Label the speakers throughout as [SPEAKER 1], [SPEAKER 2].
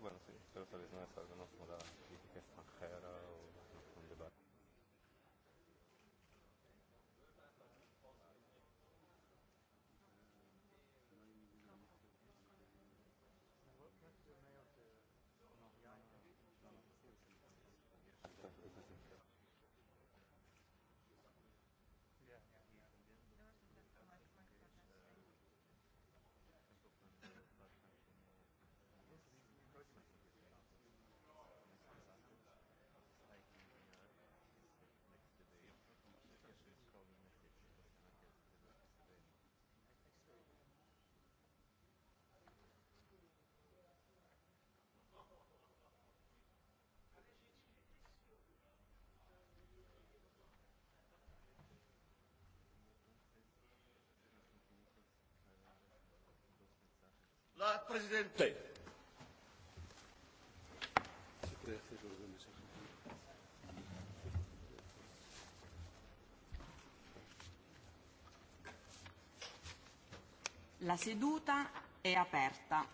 [SPEAKER 1] Bueno, sí, pero sabes no es algo no como que es extranjera o la Presidente.
[SPEAKER 2] La seduta è aperta.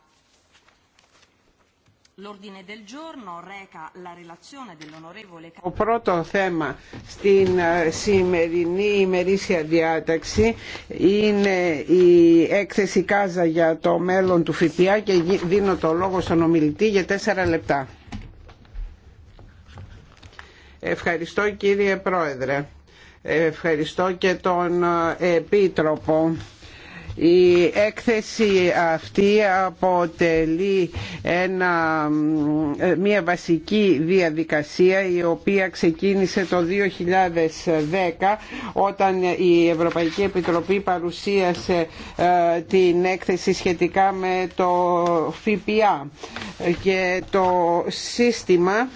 [SPEAKER 2] Ο
[SPEAKER 3] πρώτο θέμα στην ε, σημερινή ημερήσια διάταξη είναι η έκθεση Κάζα για το μέλλον του ΦΠΑ και δίνω το λόγο στον ομιλητή για τέσσερα λεπτά. Ευχαριστώ κύριε Πρόεδρε. Ευχαριστώ και τον ε, Επίτροπο. Η έκθεση αυτή αποτελεί ένα, μια βασική διαδικασία η οποία ξεκίνησε το 2010 όταν η Ευρωπαϊκή Επιτροπή παρουσίασε ε, την έκθεση σχετικά με το ΦΠΑ και το σύστημα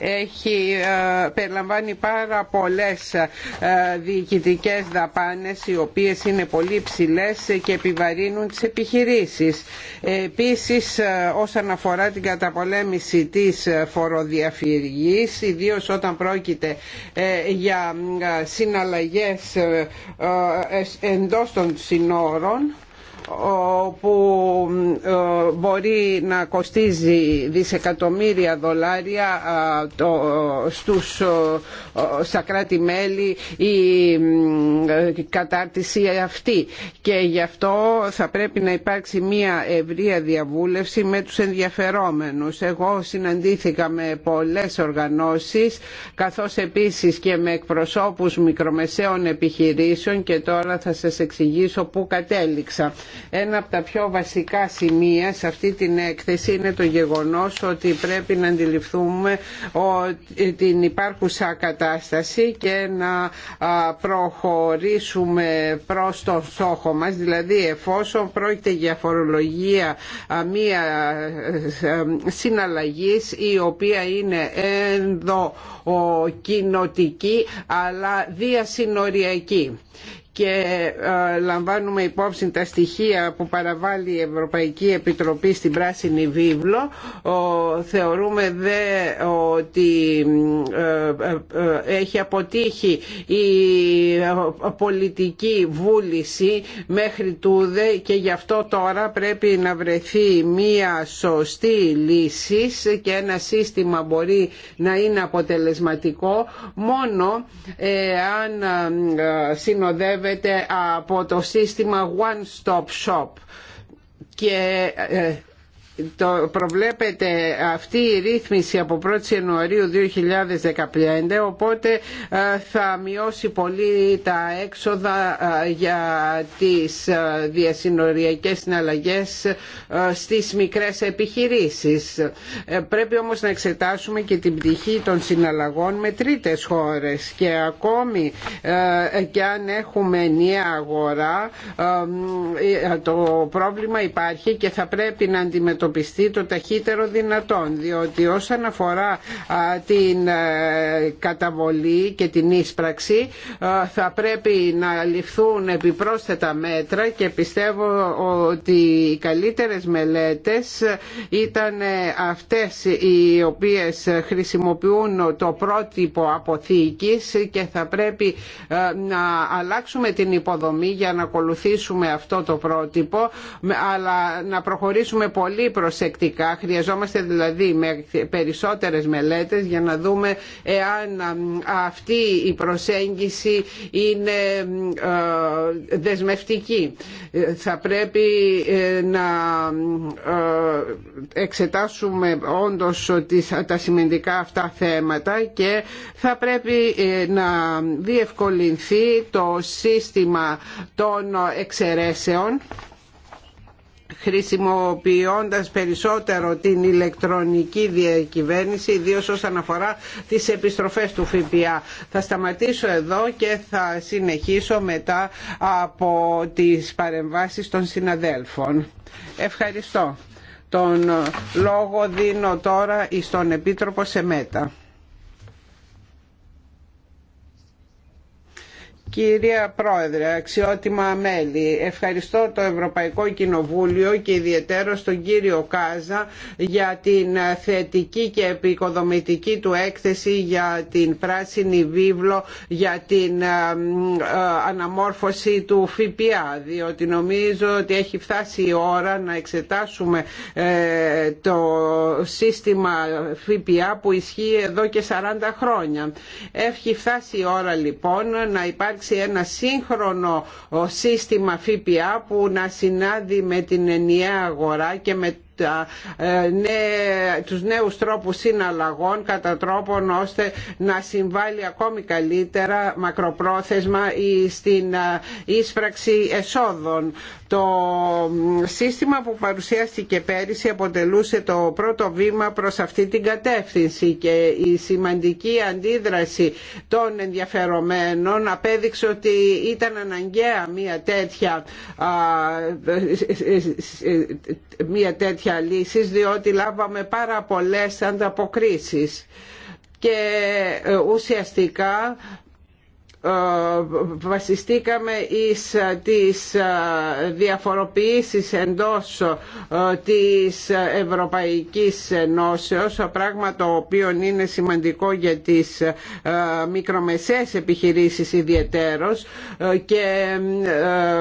[SPEAKER 3] έχει, ε, περιλαμβάνει πάρα πολλές ε, διοικητικές δαπάνες οι οποίες είναι πολύ ψηλές και επιβαρύνουν τις επιχειρήσεις. Επίσης ε, όσον αφορά την καταπολέμηση της φοροδιαφυγής ιδίως όταν πρόκειται για συναλλαγές εντός των συνόρων που ε, μπορεί να κοστίζει δισεκατομμύρια δολάρια ε, στους, ε, στα κράτη-μέλη η κατάρτιση αυτή και γι' αυτό θα πρέπει να υπάρξει μια ευρεία διαβούλευση με τους ενδιαφερόμενους. Εγώ συναντήθηκα με πολλές οργανώσεις καθώς επίσης και με εκπροσώπους μικρομεσαίων επιχειρήσεων και τώρα θα σας εξηγήσω πού κατέληξα. Ένα από τα πιο βασικά σημεία σε αυτή την έκθεση είναι το γεγονός ότι πρέπει να αντιληφθούμε την υπάρχουσα κατάσταση και να προχωρήσουμε προς τον στόχο μας. Δηλαδή εφόσον πρόκειται για φορολογία μία συναλλαγής η οποία είναι ενδοκινοτική αλλά διασυνοριακή και ε, λαμβάνουμε υπόψη τα στοιχεία που παραβάλλει η Ευρωπαϊκή Επιτροπή στην Πράσινη Βίβλο θεωρούμε δε ότι ε, ε, έχει αποτύχει η πολιτική βούληση μέχρι τούδε και γι' αυτό τώρα πρέπει να βρεθεί μία σωστή λύση και ένα σύστημα μπορεί να είναι αποτελεσματικό μόνο αν συνοδεύει από το σύστημα One Stop Shop και ε, το προβλέπεται αυτή η ρύθμιση από 1η Ιανουαρίου 2015 οπότε ε, θα μειώσει πολύ τα έξοδα ε, για τις ε, διασυνοριακές συναλλαγές στις μικρές επιχειρήσεις. Πρέπει όμως να εξετάσουμε και την πτυχή των συναλλαγών με τρίτες χώρες και ακόμη και αν έχουμε νέα αγορά το πρόβλημα υπάρχει και θα πρέπει να αντιμετωπίσουμε αντιμετωπιστεί το ταχύτερο δυνατόν διότι όσον αφορά την ε, καταβολή και την ίσπραξη θα πρέπει να ληφθούν επιπρόσθετα μέτρα και πιστεύω ότι οι καλύτερες μελέτες ήταν ε, αυτές οι οποίες χρησιμοποιούν το πρότυπο αποθήκης και θα πρέπει ε, να αλλάξουμε την υποδομή για να ακολουθήσουμε αυτό το πρότυπο αλλά να προχωρήσουμε πολύ προσεκτικά. Χρειαζόμαστε δηλαδή με περισσότερες μελέτες για να δούμε εάν αυτή η προσέγγιση είναι δεσμευτική. Θα πρέπει ε, να εξετάσουμε όντως τα σημαντικά αυτά θέματα και θα πρέπει ε, να διευκολυνθεί το σύστημα των εξαιρέσεων χρησιμοποιώντας περισσότερο την ηλεκτρονική διακυβέρνηση ιδίω όσον αφορά τις επιστροφές του ΦΠΑ. Θα σταματήσω εδώ και θα συνεχίσω μετά από τις παρεμβάσεις των συναδέλφων. Ευχαριστώ. Τον λόγο δίνω τώρα στον Επίτροπο Σεμέτα. Κυρία Πρόεδρε, αξιότιμα μέλη, ευχαριστώ το Ευρωπαϊκό Κοινοβούλιο και ιδιαίτερα τον κύριο Κάζα για την θετική και επικοδομητική του έκθεση για την πράσινη βίβλο για την ε, ε, αναμόρφωση του ΦΠΑ διότι νομίζω ότι έχει φτάσει η ώρα να εξετάσουμε ε, το σύστημα ΦΠΑ που ισχύει εδώ και 40 χρόνια. Έχει φτάσει η ώρα λοιπόν να υπάρξει ένα σύγχρονο σύστημα ΦΠΑ που να συνάδει με την ενιαία αγορά και με τα, ε, νέ, τους νέους τρόπους συναλλαγών κατά τρόπον ώστε να συμβάλλει ακόμη καλύτερα μακροπρόθεσμα ή στην ε, ίσφραξη εσόδων. Το σύστημα που παρουσιάστηκε πέρυσι αποτελούσε το πρώτο βήμα προς αυτή την κατεύθυνση και η σημαντική αντίδραση των ενδιαφερομένων απέδειξε ότι ήταν αναγκαία μια τέτοια, μια ε, τέτοια τέτοια διότι λάβαμε πάρα πολλές ανταποκρίσεις και ε, ουσιαστικά βασιστήκαμε εις ε, τις ε, διαφοροποιήσεις εντός ε, της Ευρωπαϊκής Ενώσεως πράγμα το οποίο είναι σημαντικό για τις μικρομεσαίες επιχειρήσεις ιδιαιτέρως και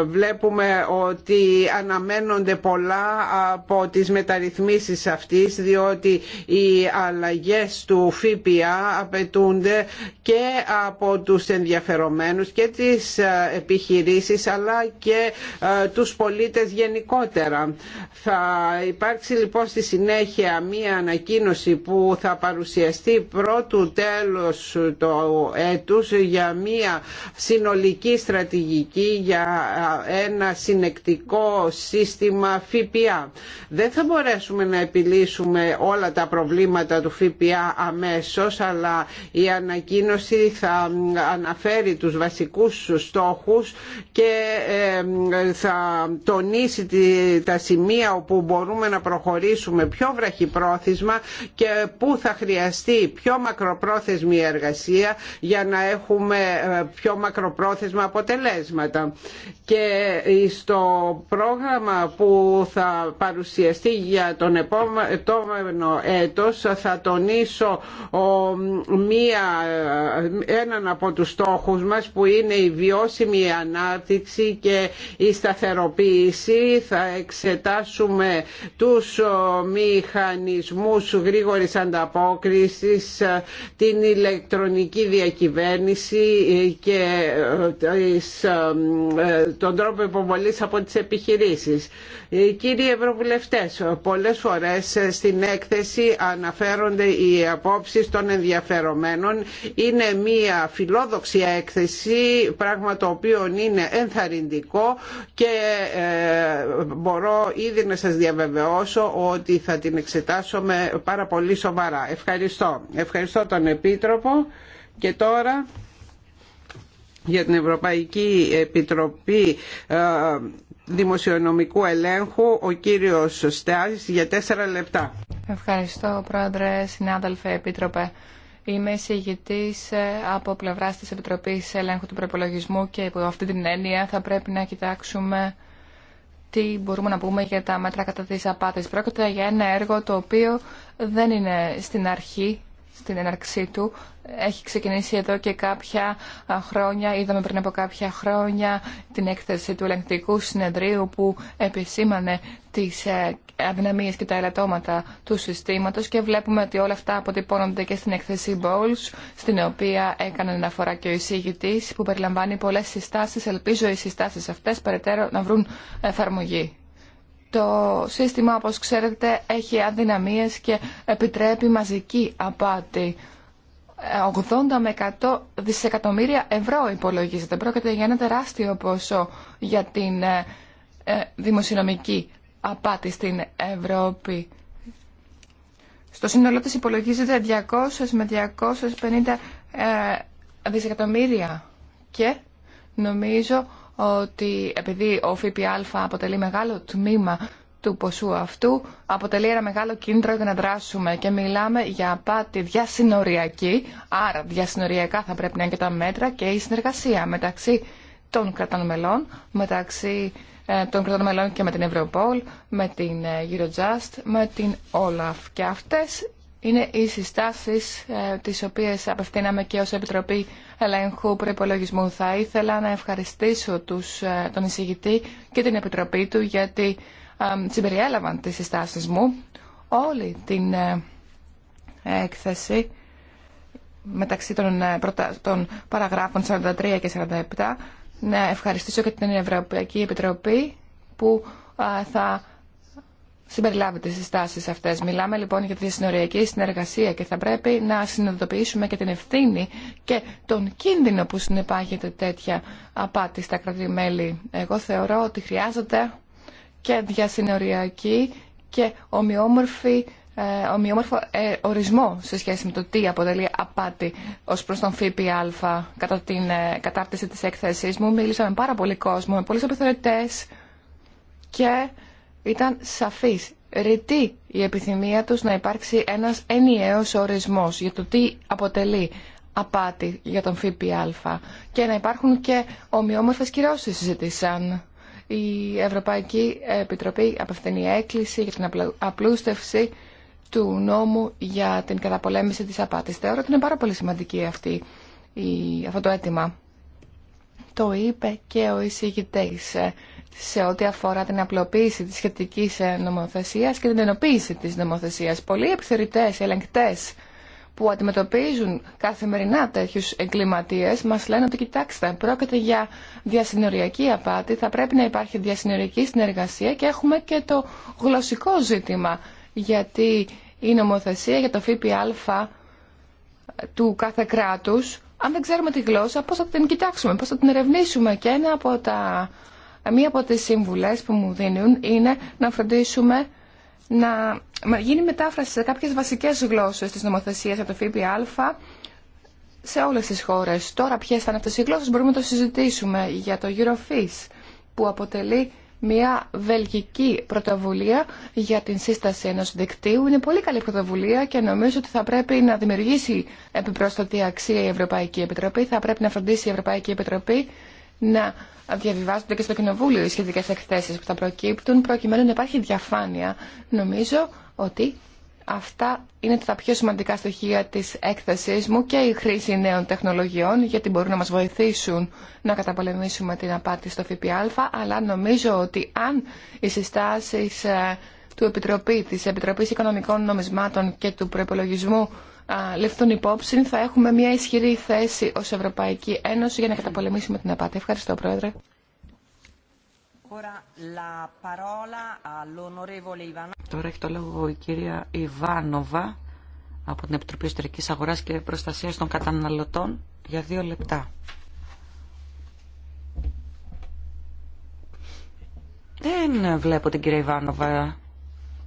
[SPEAKER 3] βλέπουμε ότι αναμένονται πολλά από τις μεταρρυθμίσεις αυτής διότι οι αλλαγές του ΦΠΑ απαιτούνται και από τους ενδιαφερόμενους και τις ε, επιχειρήσεις αλλά και ε, τους πολίτες γενικότερα. Θα υπάρξει λοιπόν στη συνέχεια μία ανακοίνωση που θα παρουσιαστεί πρώτου τέλος του έτους για μία συνολική στρατηγική για ε, ένα συνεκτικό σύστημα ΦΠΑ. Δεν θα μπορέσουμε να επιλύσουμε όλα τα προβλήματα του ΦΠΑ αμέσως αλλά η ανακοίνωση θα αναφέρει αναφέρει τους βασικούς στόχους και ε, θα τονίσει τα σημεία όπου μπορούμε να προχωρήσουμε πιο βραχυπρόθεσμα και που θα χρειαστεί πιο μακροπρόθεσμη εργασία για να έχουμε ε, πιο μακροπρόθεσμα αποτελέσματα. Και ε, στο πρόγραμμα που θα παρουσιαστεί για τον επόμενο έτος θα τονίσω μία, έναν από τους στόχους στόχους μας που είναι η βιώσιμη ανάπτυξη και η σταθεροποίηση. Θα εξετάσουμε τους μηχανισμούς γρήγορης ανταπόκρισης, ε, την ηλεκτρονική διακυβέρνηση ε, και ε, τον τρόπο υποβολής από τις επιχειρήσεις. Κύριοι Ευρωβουλευτές, πολλές φορές στην έκθεση αναφέρονται οι απόψεις των ενδιαφερομένων. Είναι μια φιλόδοξη έκθεση, πράγμα το οποίο είναι ενθαρρυντικό και ε, μπορώ ήδη να σας διαβεβαιώσω ότι θα την εξετάσουμε πάρα πολύ σοβαρά. Ευχαριστώ. Ευχαριστώ τον Επίτροπο και τώρα για την Ευρωπαϊκή Επιτροπή ε, Δημοσιονομικού Ελέγχου ο κύριος Στεάζης για τέσσερα λεπτά.
[SPEAKER 4] Ευχαριστώ πρόεδρε, συνάδελφε, επίτροπε. Είμαι εισηγητή ε, από πλευρά τη Επιτροπή Ελέγχου του Προπολογισμού και υπό αυτή την έννοια θα πρέπει να κοιτάξουμε τι μπορούμε να πούμε για τα μέτρα κατά τη απάτη. Πρόκειται για ένα έργο το οποίο δεν είναι στην αρχή στην έναρξή του. Έχει ξεκινήσει εδώ και κάποια χρόνια, είδαμε πριν από κάποια χρόνια την έκθεση του ελεγκτικού συνεδρίου που επισήμανε τις ε, αδυναμίες και τα ελαττώματα του συστήματος και βλέπουμε ότι όλα αυτά αποτυπώνονται και στην έκθεση Bowles, στην οποία έκανε αναφορά και ο εισήγητής που περιλαμβάνει πολλές συστάσεις. Ελπίζω οι συστάσεις αυτές περαιτέρω να βρουν εφαρμογή. Το σύστημα, όπως ξέρετε, έχει αδυναμίες και επιτρέπει μαζική απάτη. 80 με 100 δισεκατομμύρια ευρώ υπολογίζεται. Πρόκειται για ένα τεράστιο ποσό για την ε, ε, δημοσιονομική απάτη στην Ευρώπη. Στο σύνολό της υπολογίζεται 200 με 250 ε, δισεκατομμύρια και νομίζω ότι επειδή ο ΦΠΑ αποτελεί μεγάλο τμήμα του ποσού αυτού, αποτελεί ένα μεγάλο κίνητρο για να δράσουμε και μιλάμε για απάτη διασυνοριακή, άρα διασυνοριακά θα πρέπει να είναι και τα μέτρα και η συνεργασία μεταξύ των κρατών μελών, μεταξύ ε, των κρατών μελών και με την Ευρωπόλ, με την ε, Eurojust, με την Olaf. Και αυτές είναι οι συστάσει ε, τις οποίες απευθύναμε και ω Επιτροπή Ελέγχου Προπολογισμού. Θα ήθελα να ευχαριστήσω τους, ε, τον εισηγητή και την Επιτροπή του γιατί ε, συμπεριέλαβαν τις συστάσεις μου όλη την ε, έκθεση μεταξύ των, ε, των παραγράφων 43 και 47. Να ευχαριστήσω και την Ευρωπαϊκή Επιτροπή που θα συμπεριλάβετε στις τάσεις αυτές. Μιλάμε λοιπόν για τη συνοριακή συνεργασία και θα πρέπει να συνειδητοποιήσουμε και την ευθύνη και τον κίνδυνο που συνεπάγεται τέτοια απάτη στα κρατημέλη. Εγώ θεωρώ ότι χρειάζεται και διασυνοριακή και ομοιόμορφη ε, ομοιόμορφο ε, ορισμό σε σχέση με το τι αποτελεί απάτη ως προς τον ΦΠΑ κατά την ε, κατάρτιση της έκθεσής μου. Μίλησα με πάρα πολύ κόσμο, με πολλούς επιθεωρητές και ήταν σαφής, ρητή η επιθυμία τους να υπάρξει ένας ενιαίος ορισμός για το τι αποτελεί απάτη για τον ΦΠΑ και να υπάρχουν και ομοιόμορφες κυρώσεις συζητήσαν. Η Ευρωπαϊκή Επιτροπή απευθύνει έκκληση για την απλούστευση του νόμου για την καταπολέμηση της απάτης. Θεωρώ ότι είναι πάρα πολύ σημαντική αυτή, η, αυτό το αίτημα. Το είπε και ο εισηγητής σε ό,τι αφορά την απλοποίηση της σχετικής ε, νομοθεσίας και την ενοποίηση της νομοθεσίας. Πολλοί επιθερητές, ελεγκτές που αντιμετωπίζουν καθημερινά τέτοιους εγκληματίες μας λένε ότι κοιτάξτε, πρόκειται για διασυνοριακή απάτη, θα πρέπει να υπάρχει διασυνοριακή συνεργασία και έχουμε και το γλωσσικό ζήτημα γιατί η νομοθεσία για το ΦΠΑ του κάθε κράτους αν δεν ξέρουμε τη γλώσσα, πώς θα την κοιτάξουμε, πώς θα την ερευνήσουμε. Και ένα από τα μία από τις σύμβουλες που μου δίνουν είναι να φροντίσουμε να γίνει μετάφραση σε κάποιες βασικές γλώσσες της νομοθεσίας από το ΦΠΑ σε όλες τις χώρες. Τώρα ποιε θα είναι αυτές οι γλώσσες μπορούμε να το συζητήσουμε για το Eurofis που αποτελεί μια βελγική πρωτοβουλία για την σύσταση ενός δικτύου. Είναι πολύ καλή πρωτοβουλία και νομίζω ότι θα πρέπει να δημιουργήσει επιπρόσθετη αξία η Ευρωπαϊκή Επιτροπή. Θα πρέπει να φροντίσει η Ευρωπαϊκή Επιτροπή να διαβιβάζονται και στο Κοινοβούλιο οι σχετικέ εκθέσει που θα προκύπτουν, προκειμένου να υπάρχει διαφάνεια. Νομίζω ότι αυτά είναι τα πιο σημαντικά στοιχεία τη έκθεσή μου και η χρήση νέων τεχνολογιών, γιατί μπορούν να μα βοηθήσουν να καταπολεμήσουμε την απάτη στο ΦΠΑ. Αλλά νομίζω ότι αν οι συστάσει ε, του Επιτροπή, της Επιτροπή Οικονομικών Νομισμάτων και του προπολογισμού λεφτούν υπόψη, θα έχουμε μια ισχυρή θέση ως Ευρωπαϊκή Ένωση για να καταπολεμήσουμε την απάτη. Ευχαριστώ, Πρόεδρε.
[SPEAKER 5] Τώρα έχει το λόγο η κυρία Ιβάνοβα από την Επιτροπή Ιστορικής Αγοράς και Προστασίας των Καταναλωτών για δύο λεπτά. Δεν βλέπω την κυρία Ιβάνοβα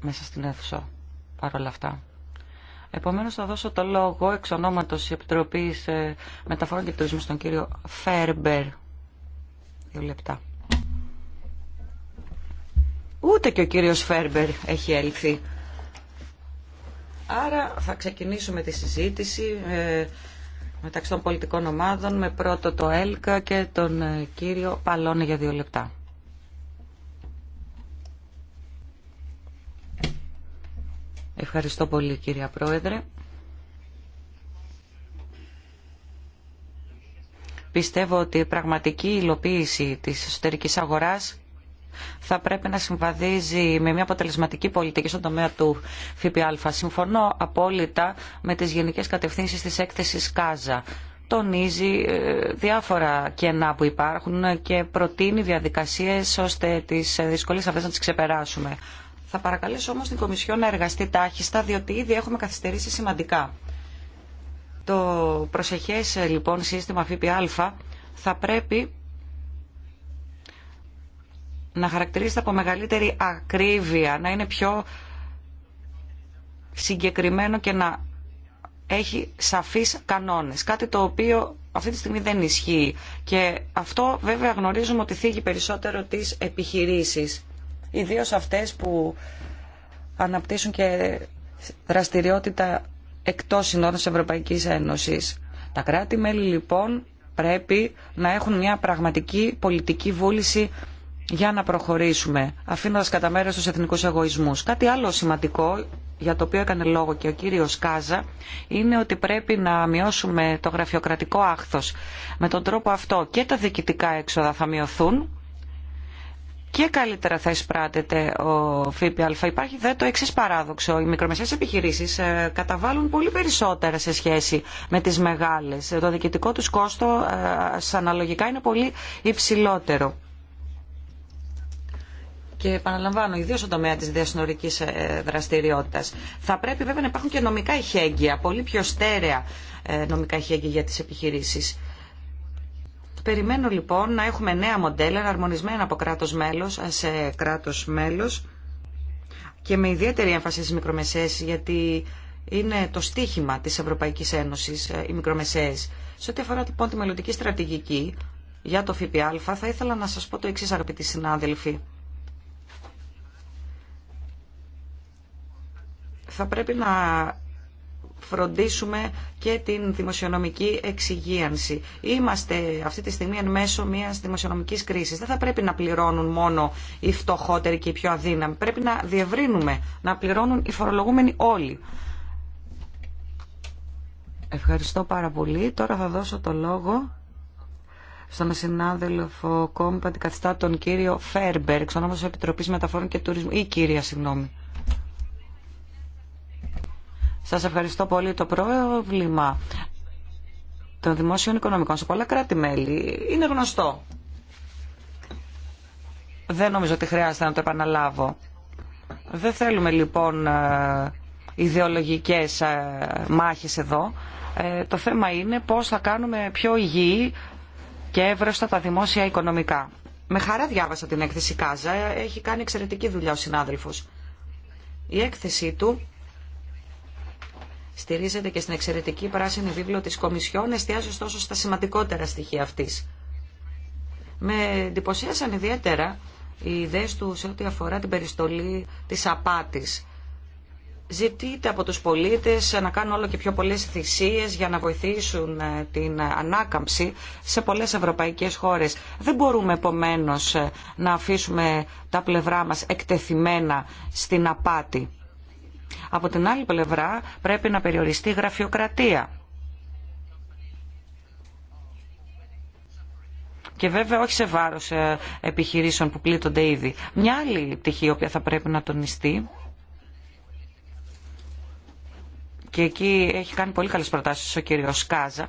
[SPEAKER 5] μέσα στην αίθουσα παρόλα αυτά. Επομένως θα δώσω το λόγο εξ ονόματος της Επιτροπής ε, Μεταφορών και Τουρισμού στον κύριο Φέρμπερ. Δύο λεπτά. Ούτε και ο κύριος Φέρμπερ έχει έλθει. Άρα θα ξεκινήσουμε τη συζήτηση ε, μεταξύ των πολιτικών ομάδων με πρώτο το ΕΛΚΑ και τον ε, κύριο Παλώνη για δύο λεπτά. Ευχαριστώ πολύ κυρία Πρόεδρε. Πιστεύω ότι η πραγματική υλοποίηση της εσωτερικής αγοράς θα πρέπει να συμβαδίζει με μια αποτελεσματική πολιτική στον τομέα του ΦΠΑ. Συμφωνώ απόλυτα με τις γενικές κατευθύνσεις της έκθεσης ΚΑΖΑ. Τονίζει ε, διάφορα κενά που υπάρχουν και προτείνει διαδικασίες ώστε τις δυσκολίες αυτές να τις ξεπεράσουμε. Θα παρακαλέσω όμως την Κομισιό να εργαστεί τάχιστα, διότι ήδη έχουμε καθυστερήσει σημαντικά. Το προσεχές ε, λοιπόν σύστημα ΦΠΑ θα πρέπει να χαρακτηρίζεται από μεγαλύτερη ακρίβεια, να είναι πιο συγκεκριμένο και να έχει σαφείς κανόνες. Κάτι το οποίο αυτή τη στιγμή δεν ισχύει. Και αυτό βέβαια γνωρίζουμε ότι θίγει περισσότερο τις επιχειρήσεις ιδίως αυτές που αναπτύσσουν και δραστηριότητα εκτός συνόρων της Ευρωπαϊκής Ένωσης. Τα κράτη-μέλη λοιπόν πρέπει να έχουν μια πραγματική πολιτική βούληση για να προχωρήσουμε, αφήνοντας κατά μέρος τους εθνικούς εγωισμούς. Κάτι άλλο σημαντικό, για το οποίο έκανε λόγο και ο κύριος Κάζα, είναι ότι πρέπει να μειώσουμε το γραφειοκρατικό άχθος. Με τον τρόπο αυτό και τα διοικητικά έξοδα θα μειωθούν, και καλύτερα θα εισπράτεται ο ΦΠΑ. Υπάρχει δε το εξή παράδοξο. Οι μικρομεσαίες επιχειρήσει ε, καταβάλουν πολύ περισσότερα σε σχέση με τι μεγάλε. Ε, το διοικητικό του κόστο ε, αναλογικά είναι πολύ υψηλότερο. Και επαναλαμβάνω, ιδίω στον τομέα τη διασυνορική δραστηριότητα. Θα πρέπει βέβαια να υπάρχουν και νομικά ηχέγγυα, πολύ πιο στέρεα νομικά ηχέγγυα για τι επιχειρήσει. Περιμένω λοιπόν να έχουμε νέα μοντέλα, αρμονισμένα από κράτος μέλος σε κράτος μέλος και με ιδιαίτερη έμφαση στις μικρομεσαίες γιατί είναι το στίχημα της Ευρωπαϊκής Ένωσης ε, οι μικρομεσαίες. Σε ό,τι αφορά λοιπόν τη μελλοντική στρατηγική για το ΦΠΑ θα ήθελα να σας πω το εξής αγαπητοί συνάδελφοι. Θα πρέπει να φροντίσουμε και την δημοσιονομική εξυγίανση. Είμαστε αυτή τη στιγμή εν μέσω μιας δημοσιονομικής κρίσης. Δεν θα πρέπει να πληρώνουν μόνο οι φτωχότεροι και οι πιο αδύναμοι. Πρέπει να διευρύνουμε, να πληρώνουν οι φορολογούμενοι όλοι. Ευχαριστώ πάρα πολύ. Τώρα θα δώσω το λόγο στον συνάδελφο κόμμα αντικαθιστά τον κύριο Φέρμπερ, εξ ονόματο Επιτροπής Μεταφορών και Τουρισμού, ή κυρία, συγγνώμη. Σας ευχαριστώ πολύ. Το πρόβλημα των δημόσιων οικονομικών σε πολλά κράτη-μέλη είναι γνωστό. Δεν νομίζω ότι χρειάζεται να το επαναλάβω. Δεν θέλουμε λοιπόν ε, ιδεολογικές ε, μάχες εδώ. Ε, το θέμα είναι πώς θα κάνουμε πιο υγιή και εύρωστα τα δημόσια οικονομικά. Με χαρά διάβασα την έκθεση Κάζα. Έχει κάνει εξαιρετική δουλειά ο συνάδελφος. Η έκθεση του στηρίζεται και στην εξαιρετική πράσινη βίβλο της Κομισιόν, εστιάζει ωστόσο στα σημαντικότερα στοιχεία αυτής. Με εντυπωσίασαν ιδιαίτερα οι ιδέες του σε ό,τι αφορά την περιστολή της απάτης. Ζητείται από τους πολίτες να κάνουν όλο και πιο πολλές θυσίες για να βοηθήσουν ε, την ανάκαμψη σε πολλές ευρωπαϊκές χώρες. Δεν μπορούμε επομένως ε, να αφήσουμε τα πλευρά μας εκτεθειμένα στην απάτη. Από την άλλη πλευρά πρέπει να περιοριστεί η γραφειοκρατία. Και βέβαια όχι σε βάρος ε, επιχειρήσεων που πλήττονται ήδη. Μια άλλη πτυχή η οποία θα πρέπει να τονιστεί και εκεί έχει κάνει πολύ καλές προτάσεις ο κύριος Κάζα.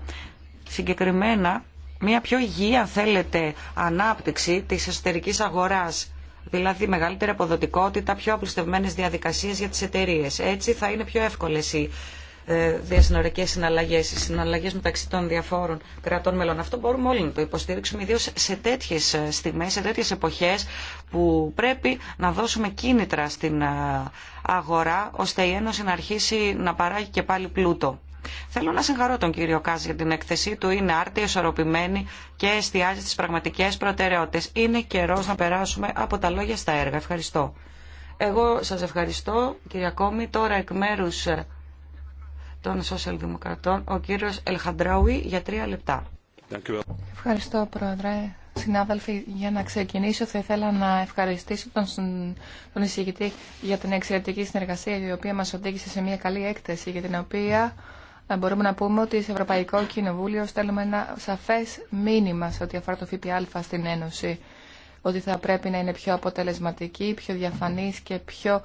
[SPEAKER 5] Συγκεκριμένα μια πιο υγεία αν θέλετε, ανάπτυξη της εσωτερικής αγοράς δηλαδή μεγαλύτερη αποδοτικότητα, πιο απλουστευμένες διαδικασίες για τις εταιρείες. Έτσι θα είναι πιο εύκολες οι ε, διασυνορικές συναλλαγές, οι συναλλαγές μεταξύ των διαφόρων κρατών μελών. Αυτό μπορούμε όλοι να το υποστήριξουμε, ιδίως σε τέτοιες ε, στιγμές, σε τέτοιες εποχές που πρέπει να δώσουμε κίνητρα στην ε, αγορά, ώστε η Ένωση να αρχίσει να παράγει και πάλι πλούτο. Θέλω να συγχαρώ τον κύριο Κάζ για την έκθεσή του. Είναι άρτια, ισορροπημένη και εστιάζει στι πραγματικέ προτεραιότητε. Είναι καιρό να περάσουμε από τα λόγια στα έργα. Ευχαριστώ. Εγώ σα ευχαριστώ, κύριε Κόμη. Τώρα εκ μέρου ε, των Σοσιαλδημοκρατών, ο κύριο Ελχαντράουι για τρία λεπτά.
[SPEAKER 4] Ευχαριστώ, Πρόεδρε. Συνάδελφοι, για να ξεκινήσω θα ήθελα να ευχαριστήσω τον, τον εισηγητή για την εξαιρετική συνεργασία η οποία μας οδήγησε σε μια καλή έκθεση για την οποία να μπορούμε να πούμε ότι σε Ευρωπαϊκό Κοινοβούλιο στέλνουμε ένα σαφές μήνυμα σε ό,τι αφορά το ΦΠΑ στην Ένωση ότι θα πρέπει να είναι πιο αποτελεσματική, πιο διαφανής και πιο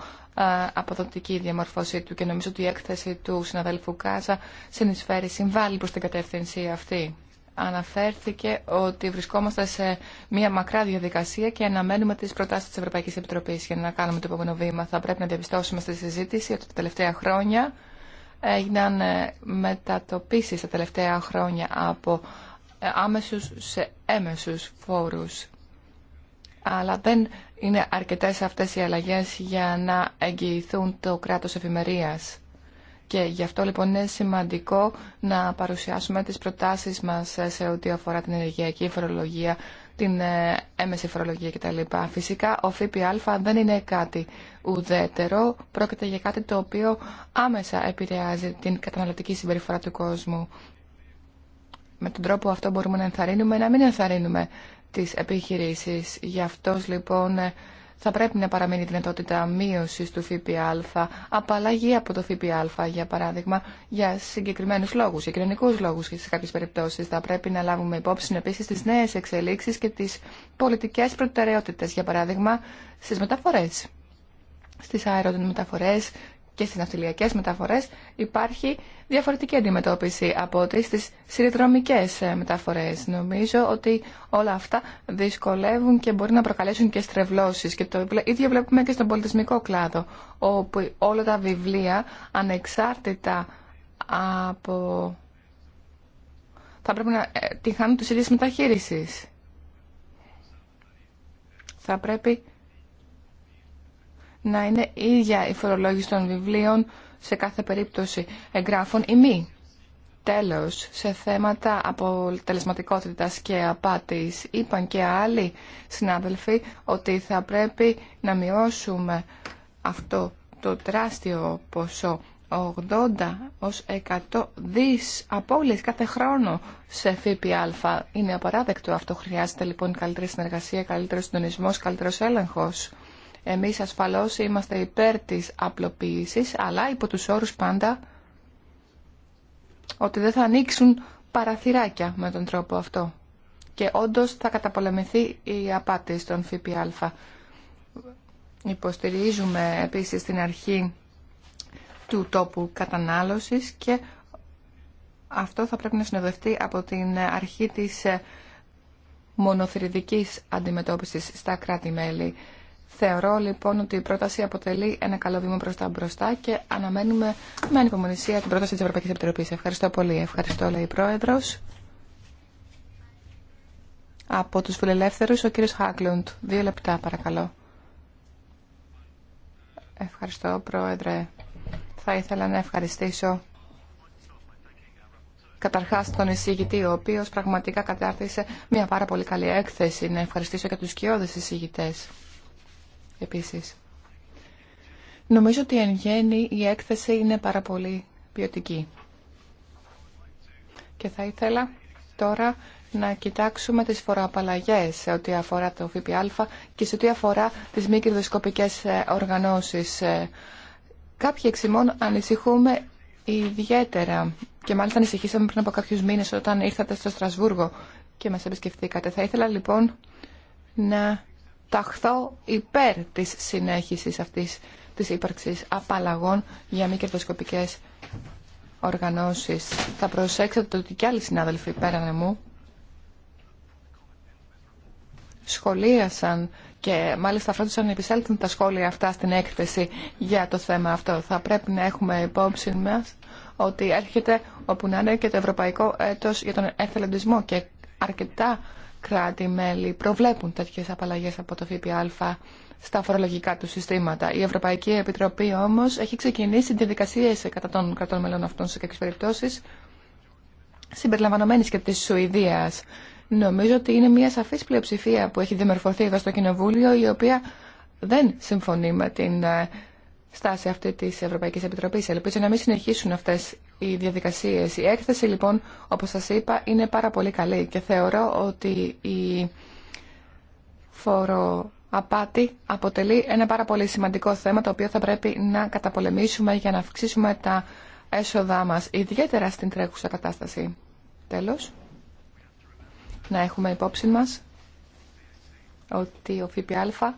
[SPEAKER 4] αποδοτική η διαμορφώσή του και νομίζω ότι η έκθεση του συναδέλφου Κάσα συνεισφέρει, συμβάλλει προς την κατεύθυνση αυτή. Αναφέρθηκε ότι βρισκόμαστε σε μια μακρά διαδικασία και αναμένουμε τις προτάσεις της Ευρωπαϊκής Επιτροπής για να κάνουμε το επόμενο βήμα. Θα πρέπει να διαπιστώσουμε στη συζήτηση ότι τα τελευταία χρόνια έγιναν ε, μετατοπίσεις τα τελευταία χρόνια από ε, άμεσους σε έμεσους φόρους. Αλλά δεν είναι αρκετές αυτές οι αλλαγές για να εγγυηθούν το κράτος εφημερίας. Και γι' αυτό λοιπόν είναι σημαντικό να παρουσιάσουμε τις προτάσεις μας ε, σε ό,τι αφορά την ενεργειακή φορολογία την ε, έμεση φορολογία κτλ. Φυσικά ο ΦΠΑ δεν είναι κάτι ουδέτερο, πρόκειται για κάτι το οποίο άμεσα επηρεάζει την καταναλωτική συμπεριφορά του κόσμου. Με τον τρόπο αυτό μπορούμε να ενθαρρύνουμε, να μην ενθαρρύνουμε τις επιχειρήσεις. Γι' αυτός λοιπόν ε, θα πρέπει να παραμείνει δυνατότητα μείωση του ΦΠΑ, απαλλαγή από το ΦΠΑ, για παράδειγμα, για συγκεκριμένους λόγους, για κοινωνικούς λόγους και σε κάποιες περιπτώσεις. Θα πρέπει να λάβουμε υπόψη επίσης τις νέες εξελίξεις και τις πολιτικές προτεραιότητες, για παράδειγμα, στις μεταφορές, στις μεταφορές και στις ναυτιλιακές μεταφορές υπάρχει διαφορετική αντιμετώπιση από ό,τι στις σιδηροδρομικές ε, μεταφορές. Νομίζω ότι όλα αυτά δυσκολεύουν και μπορεί να προκαλέσουν και στρεβλώσεις και το ίδιο βλέπουμε και στον πολιτισμικό κλάδο όπου όλα τα βιβλία ανεξάρτητα από... θα πρέπει να ε, τη χάνουν τους ίδιες μεταχείρισεις. Θα πρέπει να είναι ίδια η φορολόγηση των βιβλίων σε κάθε περίπτωση εγγράφων ή μη. Τέλος, σε θέματα αποτελεσματικότητας και απάτης, είπαν και άλλοι συνάδελφοι ότι θα πρέπει να μειώσουμε αυτό το τεράστιο ποσό 80 ως 100 δις απόλυες κάθε χρόνο σε ΦΠΑ. Είναι απαράδεκτο αυτό. Χρειάζεται λοιπόν καλύτερη συνεργασία, καλύτερο συντονισμός, καλύτερος έλεγχος. Εμείς ασφαλώς είμαστε υπέρ της απλοποίησης, αλλά υπό τους όρους πάντα ότι δεν θα ανοίξουν παραθυράκια με τον τρόπο αυτό. Και όντως θα καταπολεμηθεί η απάτη στον ΦΠΑ. Υποστηρίζουμε επίσης την αρχή του τόπου κατανάλωσης και αυτό θα πρέπει να συνοδευτεί από την αρχή της μονοθυριδικής αντιμετώπισης στα κράτη-μέλη. Θεωρώ λοιπόν ότι η πρόταση αποτελεί ένα καλό βήμα προς τα μπροστά και αναμένουμε με ανυπομονησία την πρόταση τη Ευρωπαϊκή Επιτροπής. Ευχαριστώ πολύ. Ευχαριστώ λέει η πρόεδρο. Από του Φιλελεύθερου, ο κύριο Χάκλουντ. Δύο λεπτά παρακαλώ. Ευχαριστώ Πρόεδρε. Θα ήθελα να ευχαριστήσω καταρχά τον εισηγητή, ο οποίο πραγματικά κατάρτισε μια πάρα πολύ καλή έκθεση. Να ευχαριστήσω και του κοιόδε εισηγητέ επίσης. Νομίζω ότι εν γέννη η έκθεση είναι πάρα πολύ ποιοτική. Και θα ήθελα τώρα να κοιτάξουμε τις φοροαπαλλαγές σε ό,τι αφορά το ΦΠΑ και σε ό,τι αφορά τις μη κερδοσκοπικές ε, οργανώσεις. Ε, κάποιοι εξημών ανησυχούμε ιδιαίτερα και μάλιστα ανησυχήσαμε πριν από κάποιους μήνες όταν ήρθατε στο Στρασβούργο και μας επισκεφθήκατε. Θα ήθελα λοιπόν να ταχθώ υπέρ της συνέχισης αυτής της ύπαρξης απαλλαγών για μη κερδοσκοπικές οργανώσεις. Θα προσέξετε ότι κι άλλοι συνάδελφοι πέραν μου σχολίασαν και μάλιστα φρόντισαν να επισέλθουν τα σχόλια αυτά στην έκθεση για το θέμα αυτό. Θα πρέπει να έχουμε υπόψη μας ότι έρχεται όπου να είναι και το Ευρωπαϊκό Έτος για τον εθελοντισμό και αρκετά κράτη-μέλη προβλέπουν τέτοιες απαλλαγές από το ΦΠΑ στα φορολογικά του συστήματα. Η Ευρωπαϊκή Επιτροπή όμως έχει ξεκινήσει διαδικασίες κατά των κρατών μελών αυτών σε κάποιες περιπτώσεις συμπεριλαμβανομένης και της Σουηδίας. Νομίζω ότι είναι μια σαφής πλειοψηφία που έχει δημορφωθεί εδώ στο Κοινοβούλιο η οποία δεν συμφωνεί με την ε, στάση αυτή τη Ευρωπαϊκή Επιτροπή, Ελπίζω να μην συνεχίσουν αυτές οι διαδικασίες. Η έκθεση λοιπόν, όπως σας είπα, είναι πάρα πολύ καλή και θεωρώ ότι η φοροαπάτη αποτελεί ένα πάρα πολύ σημαντικό θέμα το οποίο θα πρέπει να καταπολεμήσουμε για να αυξήσουμε τα έσοδά μας, ιδιαίτερα στην τρέχουσα κατάσταση. Τέλος, να έχουμε υπόψη μας ότι ο ΦΠΑ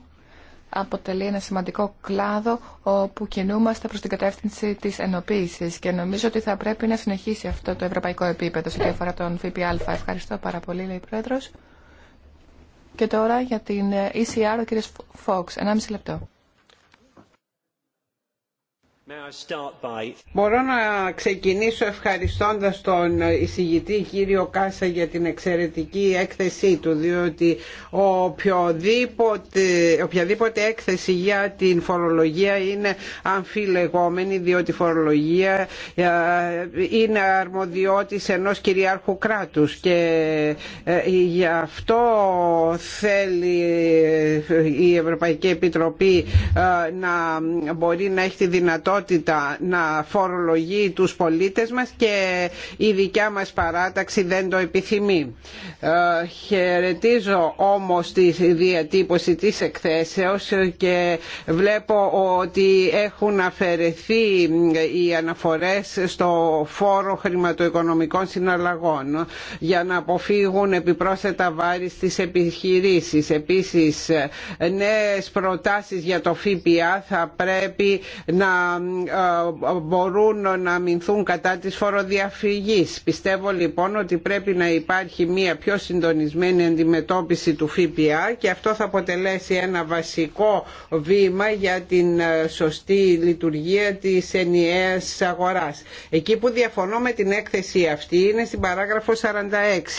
[SPEAKER 4] αποτελεί ένα σημαντικό κλάδο όπου κινούμαστε προς την κατεύθυνση της ενοποίησης και νομίζω ότι θα πρέπει να συνεχίσει αυτό το ευρωπαϊκό επίπεδο σε ό,τι αφορά τον ΦΠΑ. Ευχαριστώ πάρα πολύ, λέει η Πρόεδρος. Και τώρα για την ECR, ε ο κύριος Fox. 1,5 λεπτό.
[SPEAKER 3] Μπορώ να ξεκινήσω ευχαριστώντας τον εισηγητή κύριο Κάσα για την εξαιρετική έκθεσή του διότι οποιοδήποτε, οποιαδήποτε έκθεση για την φορολογία είναι αμφιλεγόμενη διότι η φορολογία ε, είναι αρμοδιότης ενός κυριάρχου κράτους και ε, γι' αυτό θέλει ε, η Ευρωπαϊκή Επιτροπή να μπορεί να έχει τη δυνατότητα δυνατότητα να φορολογεί τους πολίτες μας και η δικιά μας παράταξη δεν το επιθυμεί. Ε, χαιρετίζω όμως τη διατύπωση της εκθέσεως και βλέπω ότι έχουν αφαιρεθεί οι αναφορές στο φόρο χρηματοοικονομικών συναλλαγών για να αποφύγουν επιπρόσθετα βάρη στις επιχειρήσεις. Επίσης νέες προτάσεις για το ΦΠΑ θα πρέπει να ε, ε, μπορούν να αμυνθούν κατά της φοροδιαφυγής. Πιστεύω λοιπόν ότι πρέπει να υπάρχει μια πιο συντονισμένη αντιμετώπιση του ΦΠΑ και αυτό θα αποτελέσει ένα βασικό βήμα για την ε, σωστή λειτουργία της ενιαίας αγοράς. Εκεί που διαφωνώ με την έκθεση αυτή είναι στην παράγραφο